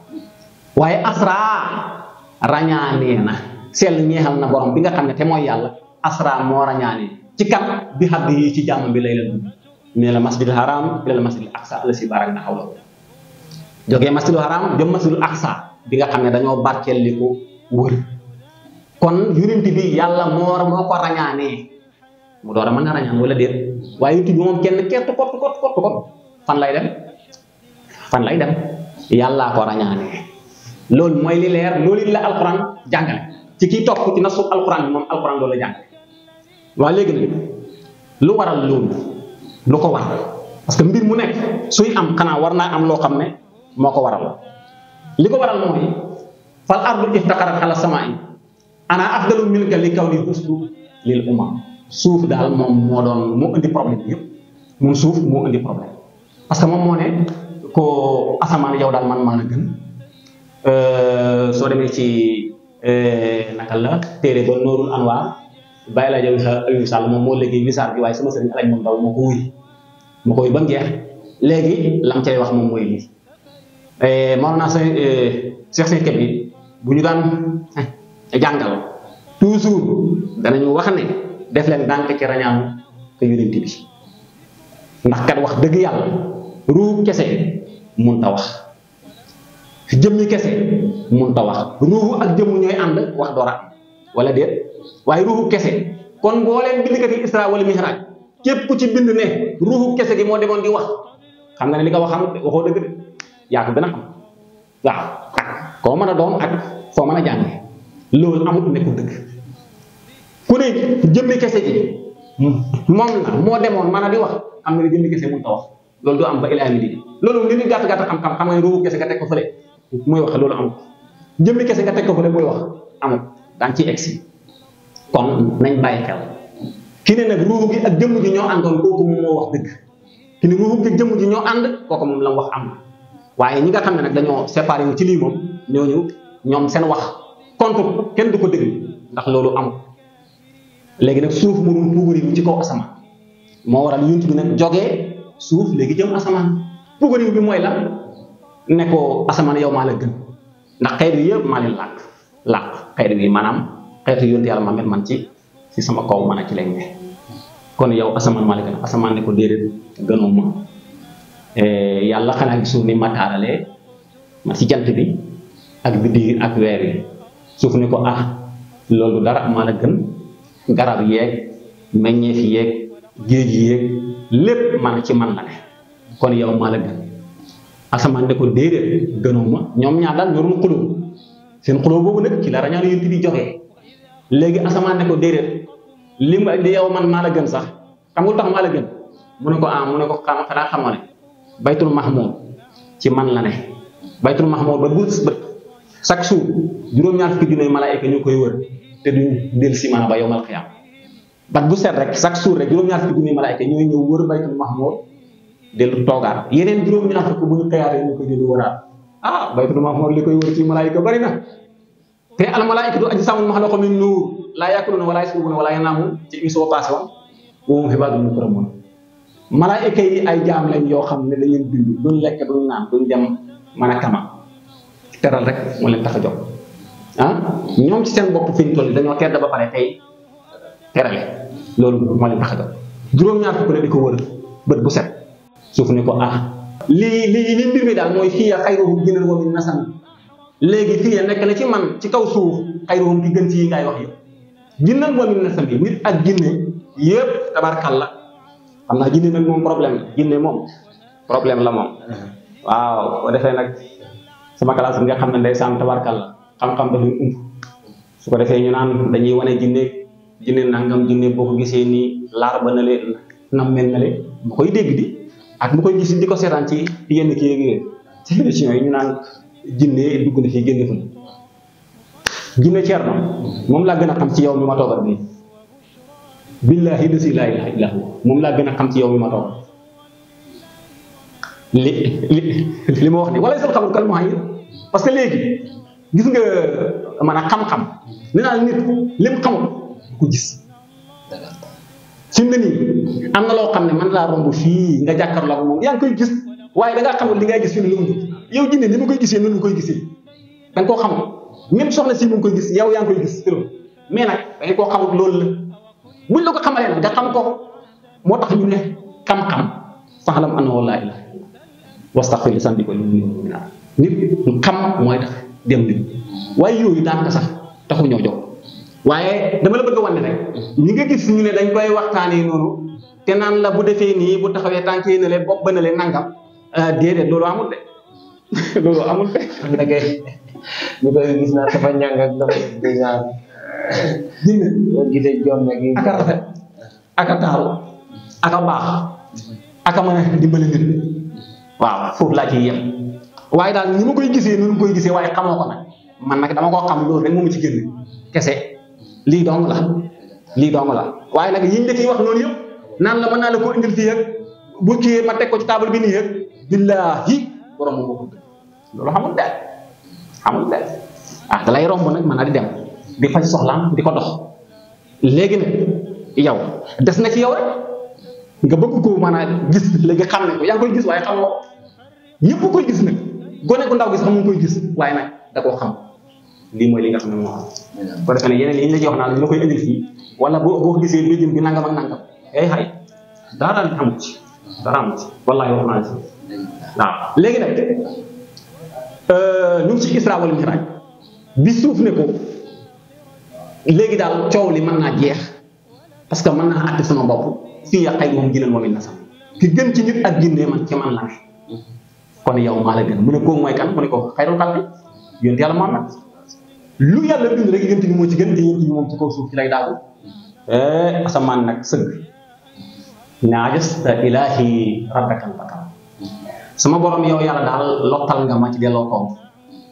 waye asra rañane na sel ñeexal na borom bi nga xamne te moy yalla asra mo rañane ci kan bi xab ci jamm bi lay la dugg ne la masjidil haram ila masjidil aqsa ala si barak na xawla joge masjidul haram jom masjidul aqsa bi nga xamne ne dañoo barkeel li kon yonent bi yalla moo moo ko rañaanee mu doora man mën a wala deet waye yonent bi mom kenn kett kot kot kot kot fan lay dem fan lay dem yalla ko rañane lol moy li leer loolu la alquran jangale ci ki top ci nasu alquran mom alquran do la jang wa léegi nag lu waral loolu lu ko war parce que mbir mu nek suy am xana warna am lo xamne moko waral liko waral moy fal ardu iftaqarat ala samai ana afdalu milka li kaw husbu lil umam souf dal mom moo doon moo indi problème bi yëpp moom suuf moo problème parce que mom mo ne ko asaman yow dal man maa gën euh so demé ci euh, nakal la téré ba noorul anwaar bàyyi laa sa ayu sal mom mo liggéey misar bi way sama sëriñ Alaaji mom daw moo ko wuy moo ko wuy ban jeex léegi lam cey wax mom moy li eh maulana cheikh sey kebbi bu ñu daan jàngal toujours danañu wax ne def leen dànk ci rañaanu ke yonent bi ndax kat wax dëgg yàlla ruub kese mun ta wax jëmmi kese mun ta wax ruuhu ak jëmm ñooy ànd wax kon mbooleem bindkati isra wala mihraj képp ku ci bind ne ruuhu kese gi moo demoon di wax xam nga ne li nga waxam waxoo yaa ko gën a xam waaw ak koo mën a doon ak foo mën a jànge loolu amut nekkul dëgg ku ne jëmmi kese ji moom la moo demoon man a di wax am na ne jëmmi kese mun ta wax loolu du am ba ilaa mi di loolu li ñu gàtt gàtt xam-xam xam nga ruubu kese nga teg ko fële muy wax loolu amut jëmmi kese nga teg ko fële muy wax amut daan ci egsi kon nañ bàyyi xel ki ne nag ruubu gi ak jëmm ji ñoo àndoon kooku moom moo wax dëgg ki ne gi jëmm ji ñoo ànd kooku moom la wax am waaye ñi nga xam ne nag dañoo séparé ci lii moom ñooñu ñoom seen wax contre kenn du ko déglu ndax loolu am léegi nag suuf mu doon puugariwu ci kaw asamaan moo waral yunt bi nag jogee suuf léegi jëm asamaan puugariw bi mooy la ne ko asamaan yow maa la gën ndax xeet yi yëpp maa leen làkk làkk xeet yi maanaam xeetu yonte yàlla mamet man ci ci sama kaw man a ci lañ ne kon yow asamaan maa la gën asamaan ne ko déedéet gënoo yalla xana gisul ni ma taaralee ma ci jant bi ak dir ak weer yi suuf ni ko ah lolou dara maa la gën garab yeeg meññeef yeeg geej yeeg lepp man ci man la ne kon yow maa la gën asaman de ko déedéet gënuma ma ñaar daal ñorul xuloo seen xuloo bobu nak ci la rañal yent bi joxe léegi asaman de ko déedéet li ma yow man ma la gën sax xam nga tax la gën mu ne ko ah mu ne ko xam xala xamone baytul mahmud ci man la ne baytul mahmud ba bu ba chaque jour juróom ñaar fukki junne malaika ñukoy wër té duñ del ci man ba yowmal qiyam bat bu set rek chaque jour rek juróom ñaar fukki junne malaika ñoy ñew wër baytul mahmud del yeneen ñaar bu ñu ñu del wara ah baytul mahmud likoy wër ci malaika bari na té al malaikatu ajsamun mahlaqu min nur la yakuluna wala yasbuna wala yanamu ci émission passé won wo mu hibadu mukramun malaayika yi ay jaam lañ yoo xam ne dañuy bind duñ lekk duñ naan duñ dem mën a kama teral rek moo leen tax a jóg ah, ñoom ci seen bopp fi ñu toll dañoo tedd ba pare tey terale loolu moo leen tax a jóg juróom-ñaar fukk ne di ko wër bët bu set suuf ne ko ah lii lii li mbir daal mooy fii ya xayruhum gënal wa min nasan léegi fii ya nekk na ci man ci kaw suuf xayruhum ki gën ci yi ngay wax yëpp gënal wa min bi nit ak ginne yëpp la xam naa jinne nag moom problème jinne moom problème la moom waaw ko defee nag sama classe nga xam ne ndeysaan tabarkal la xam-xam dafay umb su ko defee ñu naan dañuy wane jinne jinne nangam jinne boo gisee nii laar na leen nam mel na koy dégg ak bu koy gis di ko seetaan ci yenn ci émission yi ñu naan jinne dugg na fii génn fa jinne Cerno moom laa gën a xam ci yow mi ma toogal nii billaahi lasi laa ilaaha moom laa gën a xam ci yow mi ma toog ma wax ni wala sal xamul kal parce que léegi nga maanaam xam-xam nee naa lim xamul du gis fi mu ne nii am na loo xam ne man laa romb fii nga jàkkaarloo ak moom yaa ngi koy gis waaye da ngaa xamul li ngaa gis fi mu ne yow jinne ni mu koy gisee noonu mu koy gisee da nga koo xamul même soxna si mu ngi koy gis yow yaa ngi koy gis mais nag da nga loolu la buñ la ko xamalee nag nga xam ko moo tax ñu ne sax la faalam annahu laa ilaaha wastaxfir li sanbi ko li mu naa nit xam mooy tax dem bi waaye yooyu daanaka sax taxu ñoo jóg waaye dama la bëgg a wane rek ñi nga gis ñu ne dañ koy waxtaanee noonu te naan la bu defee nii bu taxawee tànk yi ne leen bopp ba ne leen nangam euh, déedéet loolu amul de loolu amul de. da ngay ñu koy gis naa dafa ñàng ak dafa dégg nga. boo gisee jom nag ak a rafet ak a taaru baax ak a a dimbali waaw foofu laa ciy waaye daal ni ma koy gisee ni koy gisee waaye xamoo ko nag man nag dama koo ci génn kese lii dong la lii nag yiñ njëkk wax noonu yëpp naan la mën naa la ko indil fii bu kii ma teg ci table bi nii ak billaahi borom moo ko bëgg loolu xamul ah, romb nag mën naa di dem. di faj soxlaam di ko dox léegi nag yow des na ci yow rek nga bëgg ko maanaam gis léegi xam ne ko yaa ngi koy gis waaye xam nga ko ñëpp koy gis nag gone gu ndaw gi sax mu gis waaye nag da koo xam lii mooy li nga xam ne ko defee ne yi ñu la ci wax naan ñu wala boo boo gisee bii jëm bi nangam ak nangam eh, ay xay daal amu ci dara amu ci wallaay wax naa ci waaw léegi nag euh, ñu ngi ci Isra wal Mi'raj bi suuf ne ko. legui eh, dal ciow li man na jeex parce que man na àtte sama bop fi ya xay mom jinal momi nasam ki gën ci nit ak jinne man ci man la kon yow maa la gën mu ne koo mooy kan mu ne ko xayrul xalqi yent yalla moom nag lu yalla bind rek yent bi moo ci gën te yent bi moom ci ko suuf ci lay eh daagu asamaan nag sëgg ta ilahi rabbakal bakar sama borom yow yalla dal lottal nga ma ci delo ko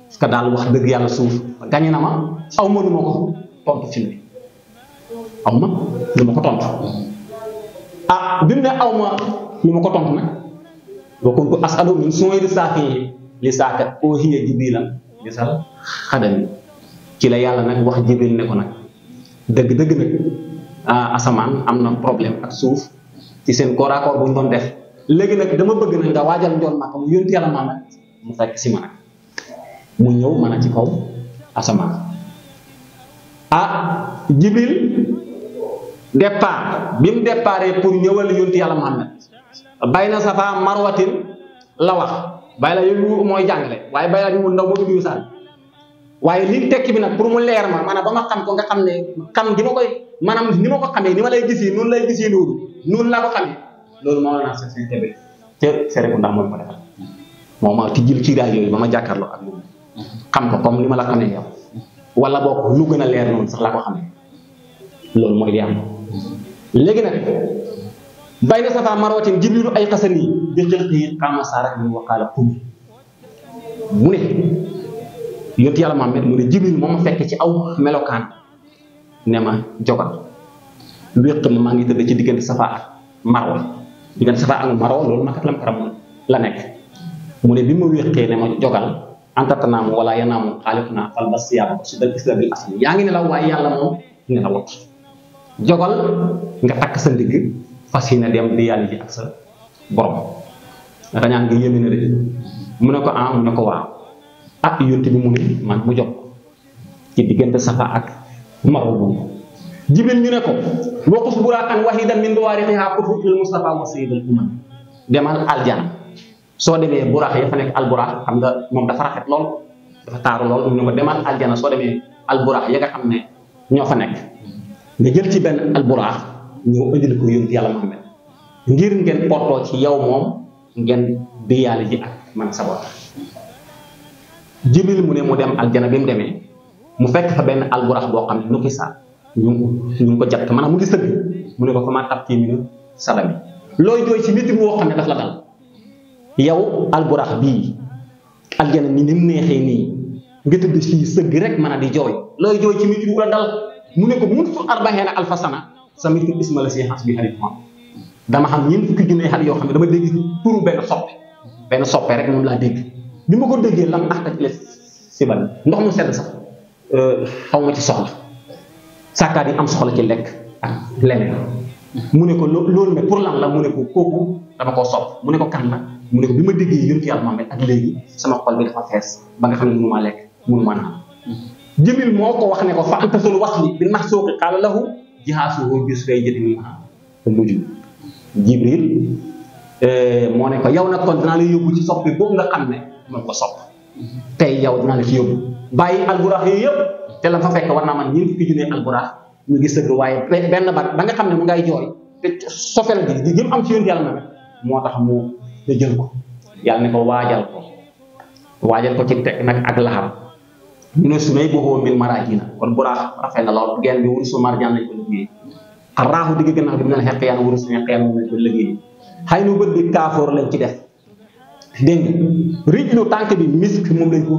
parce que daal wax deug yalla suuf gañe na ma aw mënuma ko tontu ci ne am na ko tontu ah bim ne awma ma ko tontu nag wa ko asalu min safi li o hiya jibilan li sal xadami ci la yalla nak wax jibil ne ko nak deug deug nak ah, asamaan am na problème ak suuf ci sen corps à corps bu ñu def léegi nak dama bëgg nak nga wajal ndon màkk mu yónni yàlla mu fekk si ma mu ñew mën ci kaw asaman ah jibril départ bi mu départ pour ñëwal yonti yàlla Muhammad bay na safa marwatin la wax bay la yooyu mooy jàngale waaye bay la ñu mu ndaw waaye li tekki bi nag pour mu leer ma xam ko nga ne xam gi ma ko xamee ni ma gis noonu lay gis yi loolu moo la naa sa seen tebe te ci rajo yooyu ba ma jàkkaarloo ak moom xam ko comme li ma la xamee yow wala boog lu gën a leer noonu sax laa ko xam ne loolu mooy li am léegi nag bay na safa marwatin jibrilu ay xasan yi bi xilqi xaama saara min mu ne yonent yàlla Muhammad mu ne jibril moo ma fekk ci aw melokaan ne ma jogal wéq ma maa ngi tëdd ci diggante safa ak marwa diggante safa ak marwa loolu makat lam karam la nekk mu ne bi ma wéqee ne ma jogal anta tanam wala yanam khalifna fal basiyam sudal islam bil asli ya ngi nelaw waaye yàlla la wax jogal nga tak sa ndig fasina dem di yalla ji ak sa borom rañaan nga yéeme na de mu ne ko am ne ko waaw ak yonte bi mu ne man mu jox ci safa ak maro jibril ñu ne ko waqus burakan wahidan min duwariqiha kutu mustafa wa sayyidul umam demal aljana so demé burax ya fa al burax xam nga mom dafa rafet lol dafa taru lol ñu ne ko demal so demé al burax ya nga xamné ño fa nek nga jël ci al burax ñu indil ko yónni yàlla Muhammad ngir ngeen porto ci yow moom ngeen yalla ji ak man sa bopp jibril mu ne mu dem aljana bi mu demee mu fekk fa ben al burax bo xamné ñu ki sa ñu ñu ko jatt manam mu ngi sëgg mu ne ko fa ma tap ci mi salami loy doy ci métti boo xamné dafa la dal yow alburax bii aljana ni ni mu neexee nii nga tëdd fii sëgg rek mën a di jooy loolu jooy ci métti bu la dal mu ne ko mun fu arbaxeena sana sa métti isma xam ñeent fukki yoo xam ne dama dégg turu benn soppe benn dégg bi ma ko déggee lam axta ci la ndox mu sedd sax euh, xaw ma ci soxla sàkkaat yi am soxla ci lekk mu ne ko loolu nag pour la mu kooku dama koo sopp mu ne ko kan la mu ne ko bi ma déggee yonent yàlla Muhammad ak léegi sama xol bi dafa fees ba nga xam ne mënuma lekk mënuma naan Jibril moo ko wax ne ko fa tasul wasli bi nax sooki qaala lahu jihaasuhu bis fay jëti mi te eh, moo ne yow nag kon dinaa la ci soppi boobu nga xam ne moom ko sopp tey yow dinaa la ci yóbbu bàyyi alburaax yooyu yëpp te la fa fekk war naa man ñeent fukki junne alburaax ñu ngi sëgg waaye benn bat ba nga xam ne mu ngay jooy te sofel di jëm am ci yonent yàlla Muhammad moo tax mu nga jël ko yàlla ne ko wajal ko wajal ko ci tek nak ak laham ñu ne su ho bil marajina kon bu raax rafet na lool gën bi wurusu marjan lañ ko liggéey ak raaxu gën gannaaw bi mu ne yaan wurusu ne xeen lañ ko liggéey xay nu bi lañ ci def deng rijlu bi misk moom lañ ko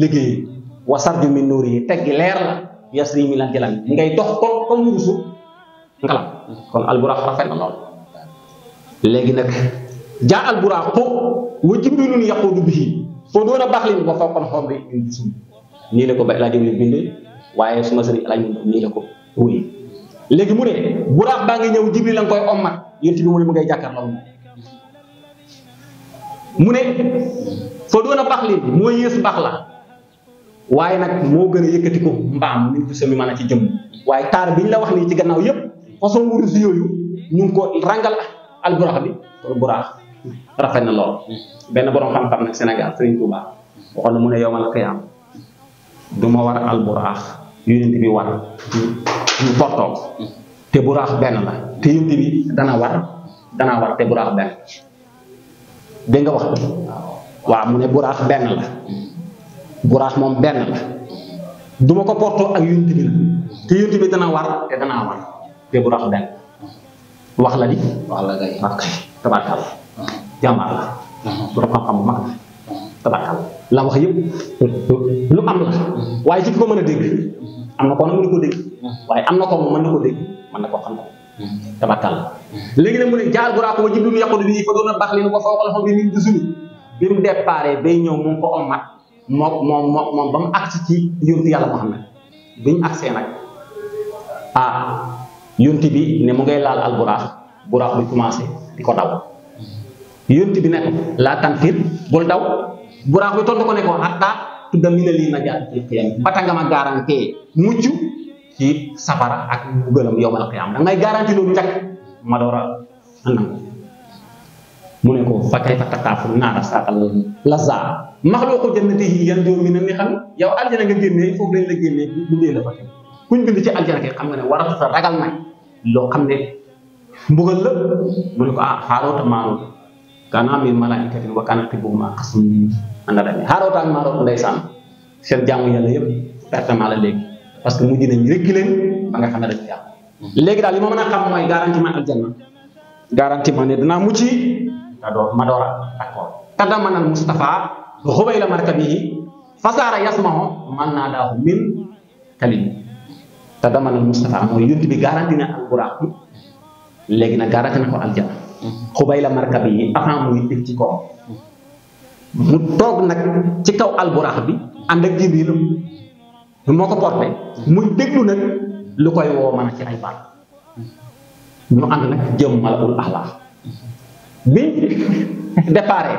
liggéey wasar ju min nuri tek gi leer la yasri mi lan jëlan ngay dox kon comme wurusu ngalam kon alburax rafet na lool léegi nak jaa al buraaqu wa jibriilun yaquudu bihi foo doon a baxlin wa fawqal xomri in jisum ko ba El Hadj waaye suma sëriñ El Hadj nii la ko wéy léegi mu ne buraax baa ngi ñëw jibril la nga koy ommat yonent mu ne mu ngay jàkkaarloo mu ne fa doon moo yées baax la waaye nag moo gën a yëkkati ko mbaam nit du sami maanaam ci jëmm waaye taar ñu la wax nii ci gannaaw yépp façon wurus yooyu ñu ngi ko rangal alburax bi kon buraax rafet na lool benn borom xam-xam nak senegal Serigne Touba waxo na mu ne yowmal qiyam duma war war alburaax yonent bi war ñu portoo te buraax ben la te yonent bi dana war dana war te buraax ben de nga wax wa mu ne buraax ben la buraax mom ben la duma ko porto ak yonent bi te bi dana war te dana war te buraax ben wax la di wax la day wax kay Jamal berapa kamu xam-xam la wax lu am la waaye ci ko mën a dégg am na koo ko dégg waaye am ko mu mën ko dégg mën na xam tabarkal la léegi nag mu ne jaar buraako wa jiblum yaqulu fa doon a baax lin wa fawqal xam bi min bay mu ko ci Muhammad bi ñu nak. ah bi ne mu ngay laal al buraax buraax bi commencé di daw yonti bi nek la tanfir bul daw buraax bi tontu ko ne ko hatta tudda mi ne lii na ci xiyam bata nga ma garantie muccu ci safara ak mbugalam yowal qiyam da ngay garantie lolu njëkk ma door a mu ne ko fa kayfa tataafu naara saatal laza maxluqu jannatihi yan doo ni xam kan? yow aljana nga génnee foofu lañ la génnee bindee la fa tay kuñ bind ci aljana kay xam nga ne waratu sa ragal nañ lo xam ne mbugal la mu ne ko ah xaaroo ta manu kana min malaikatin wa kana ma aqsam anda dañ haro tak maro ndaysan sen jaamu yalla yeb pertement la legi parce que mujj nañ rek leen ba nga xamna dañ yaq legi dal lima meuna xam moy garantie ma aljanna garantie ma ne dina da do ma dora d'accord manal mustafa khubayla markabi fasara yasmahu man nadahu min kalim manal mustafa moy yuntu bi garantie na alquran legi na garantie na ko aljanna xubay la marka bi avant muy tëj ci kaw mu toog nag ci kaw alburax bi ànd ak jibril moo ko porté muy déglu nag lu koy woo mën a ci ay baat ñu ànd nag jëm malaul ahla biñ déparé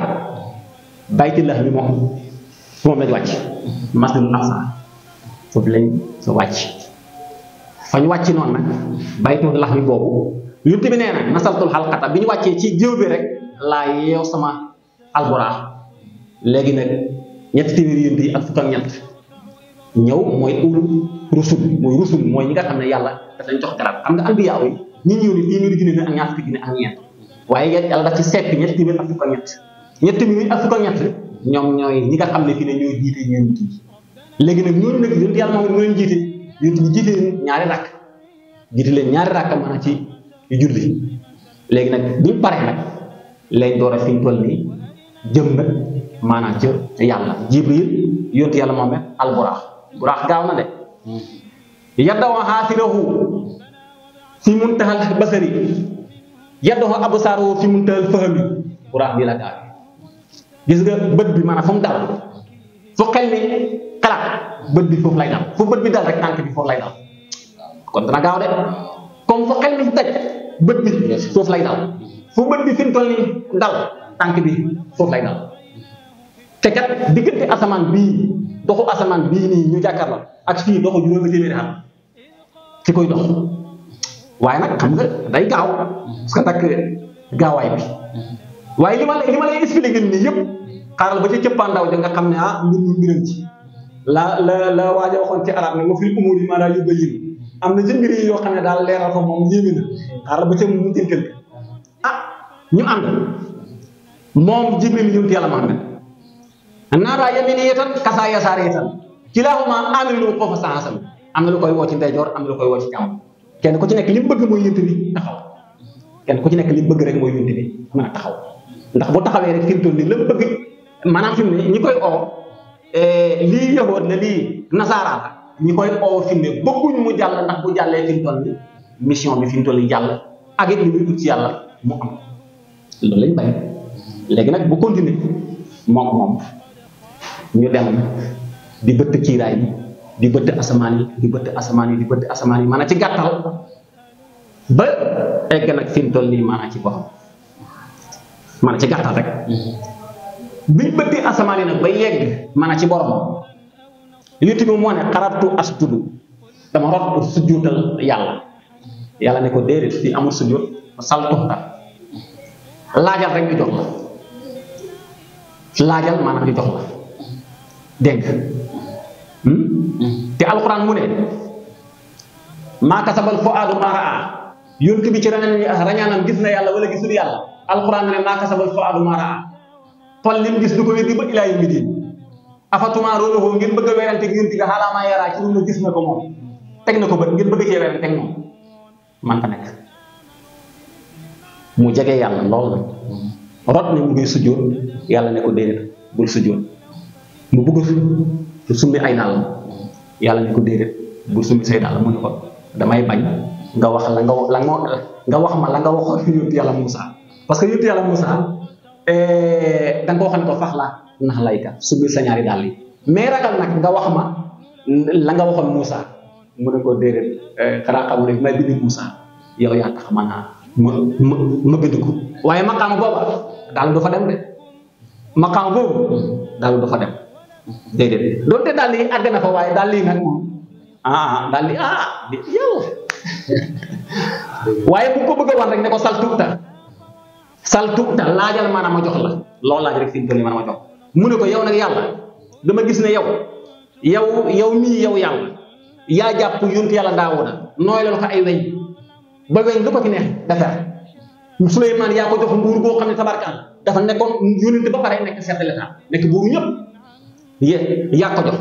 baytillah bi moom moom lañ wàcc masjidul aqsa foofu lañ wàcc fañ wàcc noonu nag baytullah bi boobu yonent bi nee na nasaltul xalqata bi ñu wàccee ci jéw bi rek laa yeew sama alburaax léegi nag ñetti téeméeri yonent yi ak fukk ak ñett ñëw mooy ulul mooy ñi nga xam ne yàlla daf leen jox garab xam nga anbiyaaw yi ñi ñëw ni téeméeri junne ak ñaar fukki ci seppi ñetti téeméer ak fukk ñett ñetti téeméer ak fukk ak ñoom ñooy ñi nga xam ne fi ne ñooy jiite ñooñu ji léegi nag ñooñu nag yonent yàlla moom moo leen jiite yonent ñi jiite leen ñaari rakk jiite leen ñaari rakk maanaam ci yu julli léegi nak buñ paré nak lay door a fi ñu jëm nag manam ci yalla jibril yontu yalla moom it alburaax burah gaaw na de yadaw xaasirahu fi muntahal basari yaddawa absaaruhu fi muntahal fahmi burah bi la gaaw gis nga bët bi manam fam dal fu xel ni xalaat bi foofu lay dal fu bët bi dal rek tank bi foofu lay dal kon dana gaaw de comme fa xel mi si bët bi foofu lay dal fu bët bi fi nii dal tànk bi foofu lay dal te kat diggante asamaan bi doxu asamaan bi nii ñu jàkkaarloo ak fii doxu juróomi téeméeri at ci waaye nag xam nga day gaaw parce que nag gaawaay bi waaye li ma la li ma lay nii yëpp xaaral ba ci cëppaandaw ja nga xam ne ah mbir mi mbiram ci la la laa waaja waxoon ci arab nag ma fi umur yi maa daa yóbba yëngu. am na ci yoo xam ne daal leeral ko moom yéeme na xaaral ba ca mu jëntal ah ñu ànd moom jibril yonent yàlla Muhammad naataa yamini yetan kasaa yasaar yetan kilaaxuma amilu ko am na lu koy woo ci ndeyjoor am na koy woo ci càmm kenn ku ci nekk li mu bëgg mooy yonent bi taxaw kenn ku ci nekk li bëgg rek mooy yonent bi mën a taxaw ndax bu taxawee rek fi mu toll nii bëgg maanaam fi mu ne ñi koy oo eh, lii yahood la lii nasaara ñi koy oo fi ne bëgguñ mu jàll ndax bu jàllee fi mu mission bi fi mu jàll ak it li muy ut ci yàlla mu am loolu lañ bañ léegi nag bu continuer moom moom ñu dem di bëtt kiiraay yi di bëtt asamaan yi di bëtt asamaan yi di a asamaan yi maanaam ci gàttal ba egg nag fi mu toll nii maanaam ci boppam maanaam ci gàttal rek mm-hmm. biñ bëtti asamaan yi nag ba yegg maanaam ci borom Ini bi mo ne qaratu asjudu dama rot sujudal yalla yalla ne ko déedéet fii amul sujud salto ta lajal rek ñu jox la lajal manam ñu jox la hmm te alquran mu ne ma kasabal fuadu maa raa ki bi ci rañaanam gis na yalla wala gisul yalla alquran ne ma kasabal fuadu maa raa lim gis du ko ba ho ngeen bëgg wéranté ngeen digga hala ma yara ci lu gis na ko moom tek na ko ba ngeen bëgg ci werante teg moom man ta nekk mu jégué yalla lool rot ni mu ngi sujjoon yalla ne ko déedéet bul sujjoon mu bëgg su summi ay dàll yalla ne ko déedéet bul summi say dal mu ne ko damay bañ nga wax la nga la nga wax ma la nga waxoon yónni yàlla Moussa parce que yalla musa Moussa eh, dang ko xam ko fakh la Nah layka ka sa ñaari dal yi mais ragal kan nak nga wax ma ah. la nga waxon musa mu ne ko déedéet xara xamu ne may bind musa yow ya tax ma naa ma ko waye maqam boba dal du fa dem de maqam dal du fa dem donte dal yi àgg na fa waye dal yi nak ah dal yi ah yow waye bu ko bëgg a rek ne ko sal tukta laajal maanaam ma jox la lo laaj rek ci gëni jox mu ne ko yow nag yàlla dama gis ne yow yow yow mii yow yàlla yaa jàpp yonent yàlla daawuda nooy loolu ko ay weñ ba weñ lu ko ci neex defar Suleymaan boo xam ne tabarkaal dafa nekkoon yonent ba pare nekk chef de l'état nekk buuru ñëpp yaa ko jox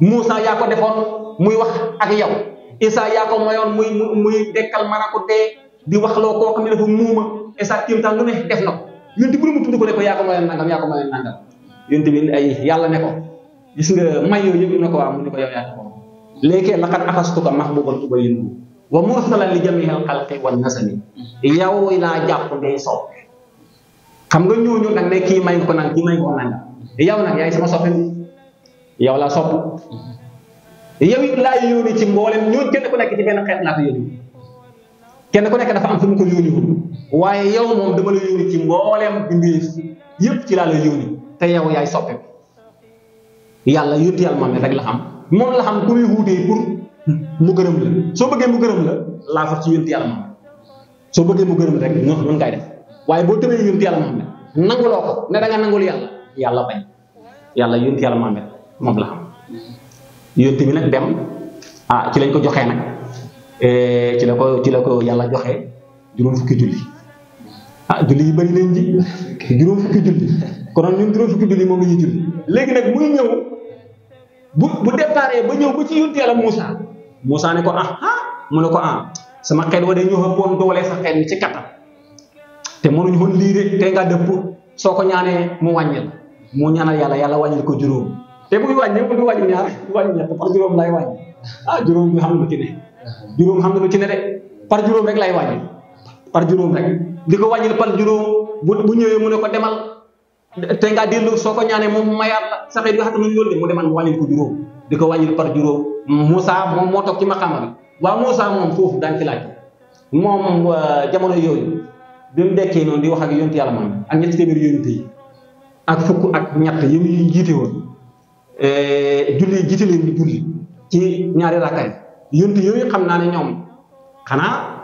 Moussa yaa ko defoon muy wax ak yow Isa yaa ko mayoon muy muy dekkal mën a ko dee di wax loo koo xam ne dafa muuma Isa tiim taan lu ne def na ko yonent bu ne mu tudd ko ne ko yaa ko mayoon nangam yaa ko mayoon nangam yonte bi ay yalla ne ko gis nga may yooyu yëpp mu ne ko ko yow yaa ko leke laqad akhastuka mahbubal ubayyin wa mursalan li jamihi khalqi wal nasami yaw ila japp ngay so xam nga ñooñu nak ne ki may ko naan ki may ko naan yaw nak yaay sama soppe yow laa sopp yow it laa yoni ci mbolem ñu kenn ku nek ci ben xet yoni kenn ku nek dafa am fu ko yoni waye yaw mom dama la yoni ci yep ci la la yoni te yow yaay soppe bi yàlla yótti yàlla rek la xam moom la xam ku pour mu gërëm la soo bëggee mu gërëm la laa fa ci yónti yàlla moom soo bëggee mu gërëm la rek noonu ngay def waaye boo tëbee yónti yàlla moom nanguloo ko ne da nga nangul yàlla yàlla bañ yàlla yónti yàlla moom moom la xam yónti nag dem ah ci lañ ko joxee nag eh, ci la ko ci la ko yàlla joxe juróom fukki julli ah julli yi bëri juróom fukki julli konoon ñun juróom fukki julli moom la ñuy julli léegi nag muy ñëw bu bu ba ñëw ba ci yunteel ak Moussa Moussa ne ko ah, ah mu ne ko ah sama xel wa de ñu ëppoon doole sa xel ci kattan te mënuñu woon lii rek tey ngaa soo ko ñaanee mu wàññil mu ñaanal yàlla yàlla wàññil ko juróom te buy wàññi bu du wàññi ñaar du wàññi par juróom lay wàññi ah, juróom ñu xam ne lu ci ne juróom xam ne lu ci ne de par juróom rek lay wàññi par juróom rek di ko wàññil par juróom bu bu ñëwee mu ne ko demal te ngaa dellu soo ko ñaanee moom mayaat la sa xëy di wax nu yónni mu demal mu wàññil ko juróom di ko wàññil par juróom Moussa moom moo toog ci ma bi waa Moussa moom foofu daañu fi laaj moom euh, jamono yooyu bi mu dekkee noonu di wax ak yonent yàlla moom ak ñetti téeméer yonent yi fukk ak ñett yéen yi jiite woon euh, julli jiite ci ñaari rakkaay yonent xam naa ne ñoom xanaa.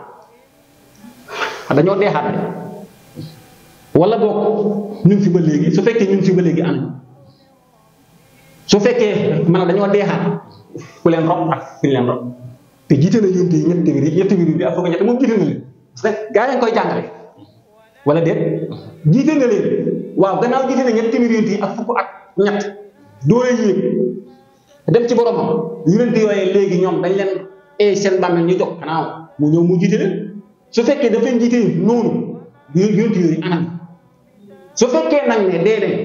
Ah, dañoo deexaat de wala boog ñu ngi fi ba léegi su fekkee ñu ngi fi ba léegi am su fekkee maanaam dañoo deexaat ku leen rob ak ah, ku leen rob te jiite na yonent yi ñetti mbir ñetti mbir bi ak foog ñetti moom koy jàngale wala déet jiite na leen waaw gannaaw yi ak fukk ak ñett doole yéeg dem ci borom boromam yonent yooyee léegi ñoom dañ leen ee eh, seen bàmmeel ñu jox gannaaw mu ñëw mu jiite leen su fekkee dafay njiitee noonu yonent yooyu anam su fekkee nag ne dee leen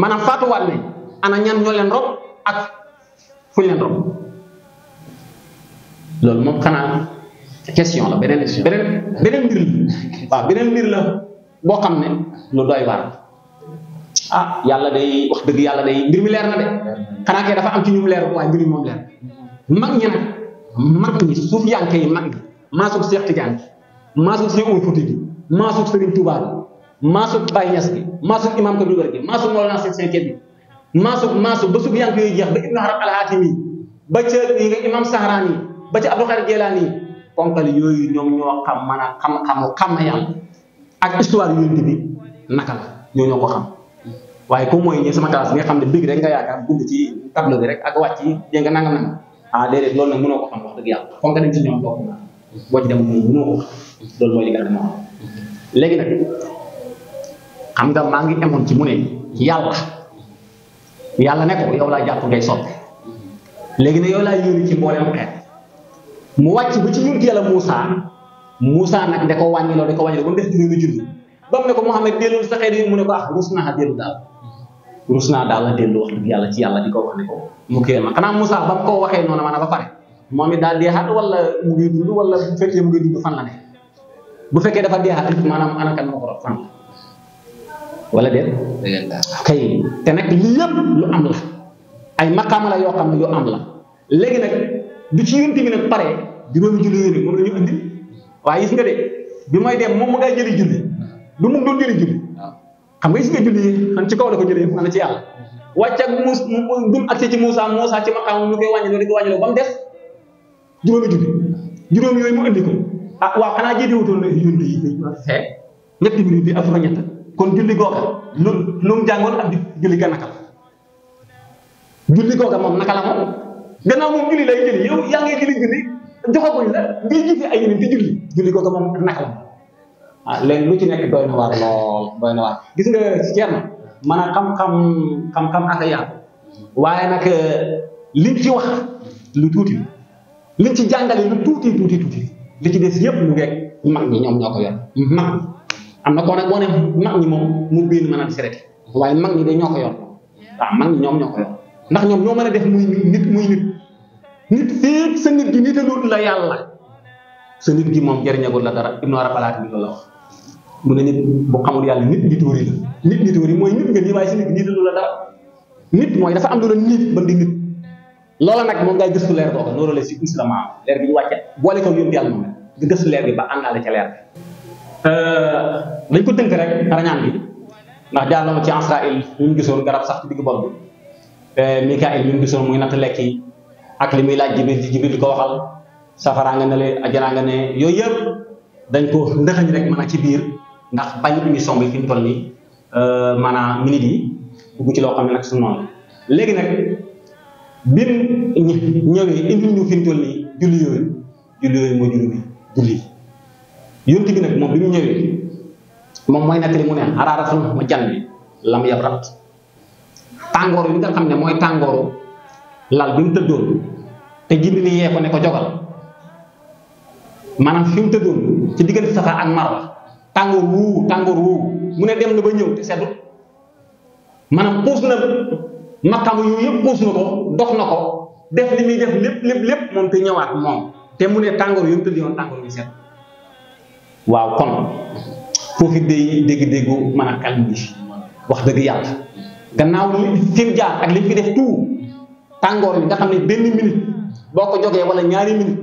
maanaam faatuwaat ne ana ñan ñoo leen ak fu ñu leen rob loolu moom kanaan question la beneen beneen beneen la beneen mbir la boo xam ne lu doy waar ah yàlla day wax dëgg yàlla day mbir mi leer na de xanaa kay dafa am ci ñum leer waaye mbir moom leer mag ñi nag mag ñi suuf yaa ngi koy mag ñi maa suuf Seex Tijaan maasug Seex Umar Fuuti bi maasug Sëriñ Tuubaa bi maasug Baay Ñas bi maasug Imaam Kabir Wala bi maasug Mawlana Seex Seekeet bi maasug ba sug yank yooyu jeex ba yooyu ñoom ñoo xam man a xam-xamu ak histoire yonent bi naka la ñoo ñoo ko xam waaye comme mooy ñi sama bi nga xam ne bëgg rek nga yaakaar gudd ci tableau rek ak wàcc yi nga nangam ah, nangam ko xam wax dëgg yàlla loolu moy li nga xam moom nak xam nga ma ngi emoon ci mune yalla yalla ne ko yow la japp ngay soppi léegi ne yow la yónni ci mboolem xet mu wacc bu ci ñun yalla musa musa nak ne ko wañi loolu da ko wañi bu def juróomi jullu bam ne ko muhammad delul sa xeet yi mu ne ko ah rusna naa dal rusna dal la wax dëgg yalla ci yalla di wax ne ko mu kii ma xanaa musa bam ko waxe non ma na ba pare momi dal di dee wala mu ngi dund wala fekke mu ngi dund fan la nek bu fekke dafa dia xarit manam ana kan moo ko rafetlu wala déet. kay te nag lépp lu am la ay maqaama la yo xam yu am la legi nak du ci yonent bi nag pare juróomi julli yooyu moom la ñu wa waaye gis nga de bi moy dem moom nga jeli jëli julli du mu doon jeli julli xam nga gis nga julli xam ci kaw la ko jëlee maanaam ci yalla wacc ak mus dum ak ci musa musa ci maqaama mu koy wañu di ko wàññiloo ba mu juroomi juróomi julli juróomi yooyu mu andi ko. ah waaw xanaa jii di wutoon ne julli yi ñetti minutes yi ak fa ñett kon julli googa lu lu mu jàngoon ak julli julli googa moom naka la moom gannaaw moom julli lay julli yaa ngi julli julli ay yeneen di julli googa moom naka la ah léegi lu ci nekk doy na waar lool doy na waar gis nga Thierno man a xam-xam xam waaye nag eh, liñ ci wax lu tuuti liñ ci jàngale lu tuuti tuuti li ci des yépp mu rek mag ñi ñom ñoko ko yor mag amna ko nak bo boo ne mag ñi moom mu bénn mën a waye mag ñi de ñoko ko yor waaw mag ñi ñom ñoko ko yor ndax ñom ñoo mëna def muy nit muy nit nit feeg sa nit gi nité a la yalla sa nit gi moom jëriñagul la dara ibnu arabalaat bi la wax mu ne nit bu xamul yalla nit nit wori la nit nit wori moy nit nga nii way sa nit gi nité nit la dara nit moy dafa am lu nit ba di nit lola nak mo ngay gëstu leer googu noonu la ci islam leer bi ñu bo le ko yónni yàlla moom nga gëstu leer bi ba àndaale ca leer bi dañ ko tënk rek rañaan bi ndax jaar na ci Israël ñu gisoon garab sax ci digg bopp bi Mikaayil ñu gisoon muy natt lekk yi ak limi laaj Jibril Jibril di ko waxal safaraa nga ne le ajanaa nga ne yooyu yëpp dañ ko ndëxañ rek mën a ci biir ndax bañ émission bi fi mu toll nii mana minute yi dugg ci loo bin ne nag su noonu léegi nag bi ñëwee indi ñu fi mu toll julli julli julli julli yonte bi nak mom bimu mu mom moy mooy mu ne xaraaratul ma jan bi lam yab rat tàngoor nga xamne moy tangoro lal bimu mu te jibril yi ko ne ko jogal manam fimu mu ci diggante safa ak marwa tàngoor wu tàngoor wu mu ne dem na ba ñëw te seddu manam pous na makam yu yëpp pous na ko dox na ko def limi def lepp lepp lepp mom te ñewat mom te mu ne tàngoor yu mu tëdd yoon tàngoor yu set waaw kon foofu day dégg-déggu man ak calme bi wax dëgg yàlla gannaaw li fi ak li def tout bi nga xam benn minute boo ko jogee wala ñaari minute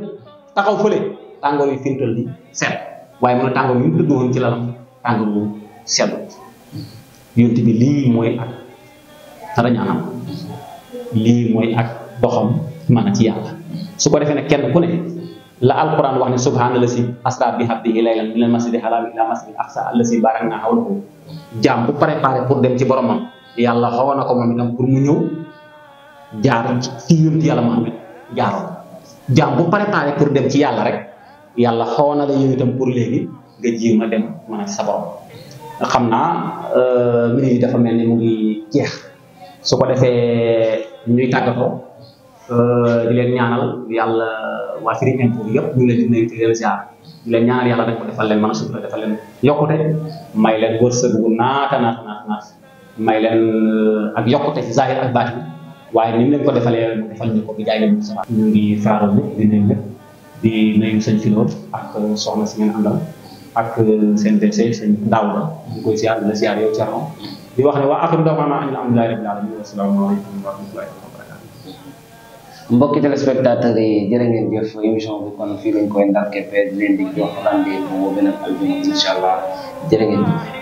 taxaw fële tàngoor yu fi mu toll waaye mu tàngoor yu mu ci lalam tàngoor bu sedd yonent bi lii mooy ak na dañu mooy ak doxam mën a ci yàlla su ko defee nag kenn ku ne la alquran wax ne subhana asra bi habdihi laylan min al masjidi haram ila masjidi aqsa allazi barakna hawlahu jam bu préparer pour dem ci borom yàlla yalla xawna ko moom itam pour mu ñew jaar ci yonent yàlla Muhammad jaar jam bu préparer pour dem ci yalla rek yalla xawna la yow itam pour léegi nga jima dem man sa borom xamna euh mini dafa melni mu ngi jeex su ko defee ñuy tagato Euh, di leen ñaanal yàlla waa Firi Infos yëpp ñu leen di nuyu di leen ziar di leen ñaanal yàlla nag ko defal leen mën a sutura defal leen yokkute may leen wërsëg bu naata naata naata naata may leen euh, ak yokkute ci zahir ak baatin waaye ni mu leen ko defalee mu defal ñu ko bi jaay leen sama ñu ngi faaral ñëpp di nuyu ñëpp di nuyu sëñ Filor ak euh, soxna si ngeen àndal ak seen DC seen ndaw la ñu koy ziar di la ziar yow Thierno di wax ne waa akam doomu aadama alhamdulilah rabbil alamin wa salaamu alaykum wa rahmatullahi mbokki téléspectateurs yi jërë ngeen jëf émission bi kon fii lañ koy ndar keppee di leen di jox rendez-vous bu album incha allah jërë